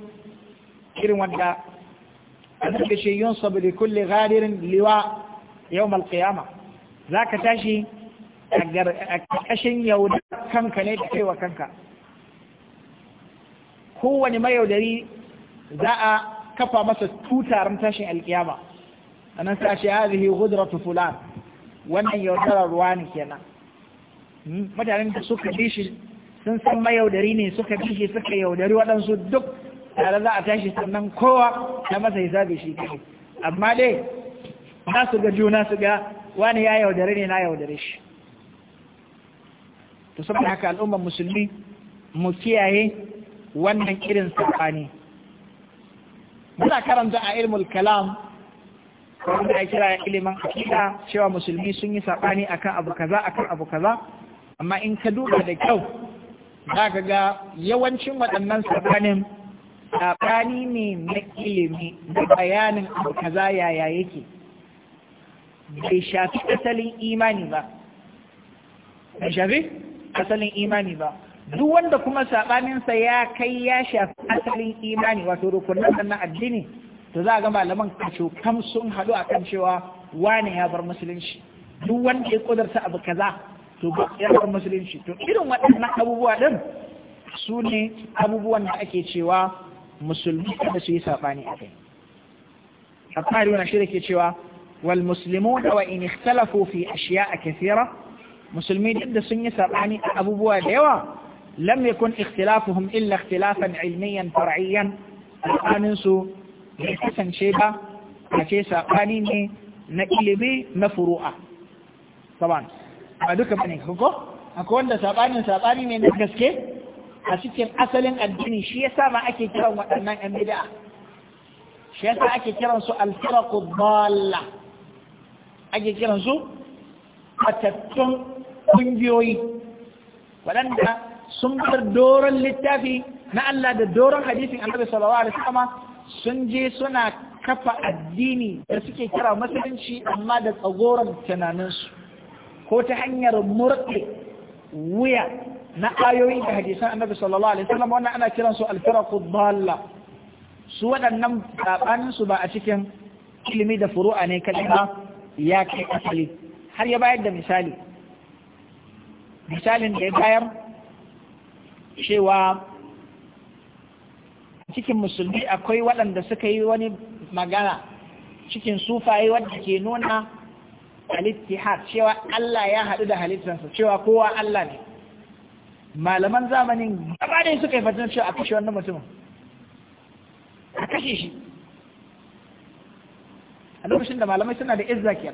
irin wanda annabi shi yunsab li kulle ghadirin liwa yawm al za ka tashi a ƙarƙashin yaudar kanka ne da kaiwa kanka kowane mayaudari za a kafa masa tutarin tashin alkiyama anan sai a ce hadhihi ghudratu fulan wannan yaudarar ruwa kenan mutanen da suka bi shi sun san mayaudari ne suka bi shi suka yaudari waɗansu duk tare za a tashi sannan kowa ta masa hisabi shi kai amma dai na su ga juna su ga wani ya yaudari ne na yaudari shi to saboda haka al'ummar musulmi mu kiyaye wannan irin sabani muna karanta a ilmul kalam wanda ya kira ilimin aqida cewa musulmi sun yi sabani akan abu kaza akan abu kaza amma in ka duba da kyau zaka ga yawancin waɗannan sabanin sabani ne na ilimi da bayanin abu kaza yaya yake bai shafi asalin imani ba bai shafi asalin imani ba duk wanda kuma saɓaninsa ya kai ya shafi asalin imani wato rukunan sannan addini to za a ga malaman kacho kam sun haɗu a kan cewa wane ya bar musulunci duk wanda ya kudurta abu kaza to ba ya bar musulunci to irin waɗannan abubuwa din su ne abubuwan da ake cewa musulmi da yi saɓani a kai a fari wani shirya ke cewa wal musulmi da wa in ikhtalafu fi ashiya a kafira musulmi duk da sun yi saɓani a abubuwa da yawa lam yakun ikhtilafuhum illa ikhtilafan ilmiyan far'iyyan al'anin su bai kasance ba a ce saɓani ne na ilimi na furu'a ba duka bane ko akwai wanda saɓanin saɓani ne na gaske a cikin asalin addini shi yasa ma ake kiran waɗannan ƴan bid'a shi ya sa ake kiran su al-firaqu ake kiran su atattun ƙungiyoyi waɗanda sun bar doron littafi na Allah da doron hadisin Annabi sallallahu alaihi wasallam sun je suna kafa addini da suke kira musulunci amma da tsagoron tunaninsu ko ta hanyar murɗe wuya na ayoyi da hadisan annabi sallallahu alaihi wasallam wannan ana kiran su alfiraqu dhalla su waɗannan sabanin su ba a cikin ilimi da furu'a ne kadai ba ya kai asali har ya bayar da misali misalin da ya bayar cewa cikin musulmi akwai waɗanda suka yi wani magana cikin sufaye wadda ke nuna halittihar cewa Allah ya haɗu da halittarsa cewa kowa Allah ne malaman zamanin gaba ne suka yi fatan cewa a kashe wannan mutumin a kashe shi a lokacin da malamai suna da izza ke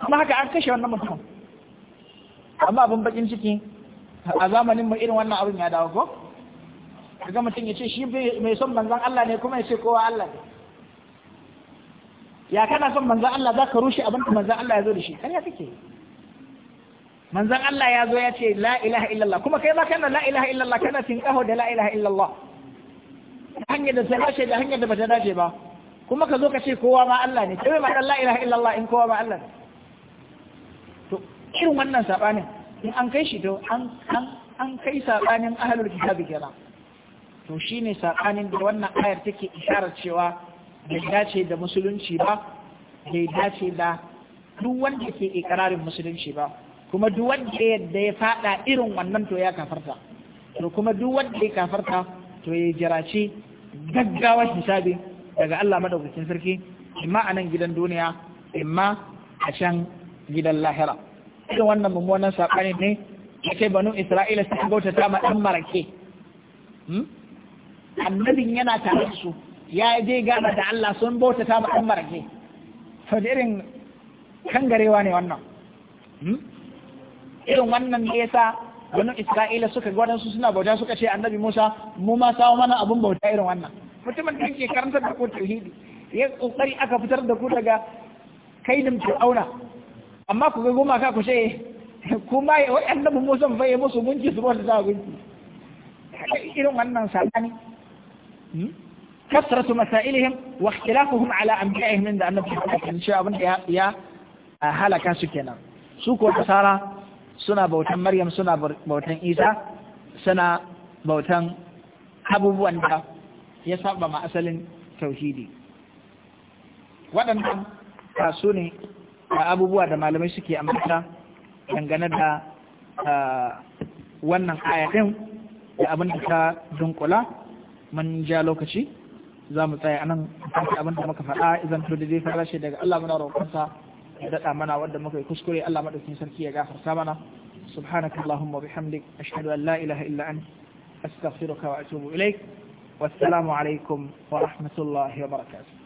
kuma haka an kashe wannan mutumin amma abin bakin ciki a zamanin mu irin wannan abin ya dawo ko ga mutum ya ce shi mai son manzan Allah ne kuma ya ce kowa Allah ne ya kana son manzan Allah za ka rushe abin da manzan Allah ya zo da shi kar ya kake manzan Allah ya zo ya ce la ilaha illallah kuma kai ma kana la ilaha illallah kana tinkaho da la ilaha illallah hanyar da ta dace da hanyar da ba ta dace ba kuma ka zo ka ce kowa ma Allah ne kai ma la ilaha illallah in kowa ma Allah ne to irin wannan saɓanin in an kai shi to an kai saɓanin ahlul kitabi kenan to shine sakanin da wannan ayar take isharar cewa bai dace da musulunci ba bai dace da duk wanda ke ikirarin musulunci ba kuma duk wanda yadda ya fada irin wannan to ya kafarta to kuma duk wanda ya kafarta to ya jirace gaggawa hisabi daga Allah madaukakin sarki imma a nan gidan duniya imma a can gidan lahira irin wannan mummunan saɓani ne ya ce banu isra'ila sun bauta ta ma ɗan marake hmm? annabin yana tare da su ya je gana da Allah sun ta ba amma marake sau kan garewa ne wannan hmm? irin wannan ne yasa wani isra'ila suka gwada su suna bauta suka ce annabi musa mu ma sawo mana abun bauta irin wannan mutumin da ke karantar da ku tauhidi ya kokari aka fitar da ku daga kaidin fir'auna amma ku ga goma ka ku ce kuma wai da musa fa musu gunki su bauta ta gunki irin wannan sabani kasratu masailihim wa ikhtilafuhum ala anbiya'ihim inda da ana cewa abin da ya halaka su kenan su ko tsara suna bautan Maryam suna bautan Isa suna bautan abubuwan ya saba ma asalin tauhidi waɗannan su ne abubuwa da malamai suke amfata dangane da wannan ayatin da abin da ta dunkula manja ja lokaci za mu tsaya anan kanki abin da muka faɗa idan to dai fara shi daga Allah muna roƙonsa ya daɗa mana wanda muka yi kuskure Allah madaukakin sarki ya gafarta mana subhanaka allahumma bihamdik ashhadu an la ilaha illa ant astaghfiruka wa atubu ilaik wassalamu alaikum wa rahmatullahi wa barakatuh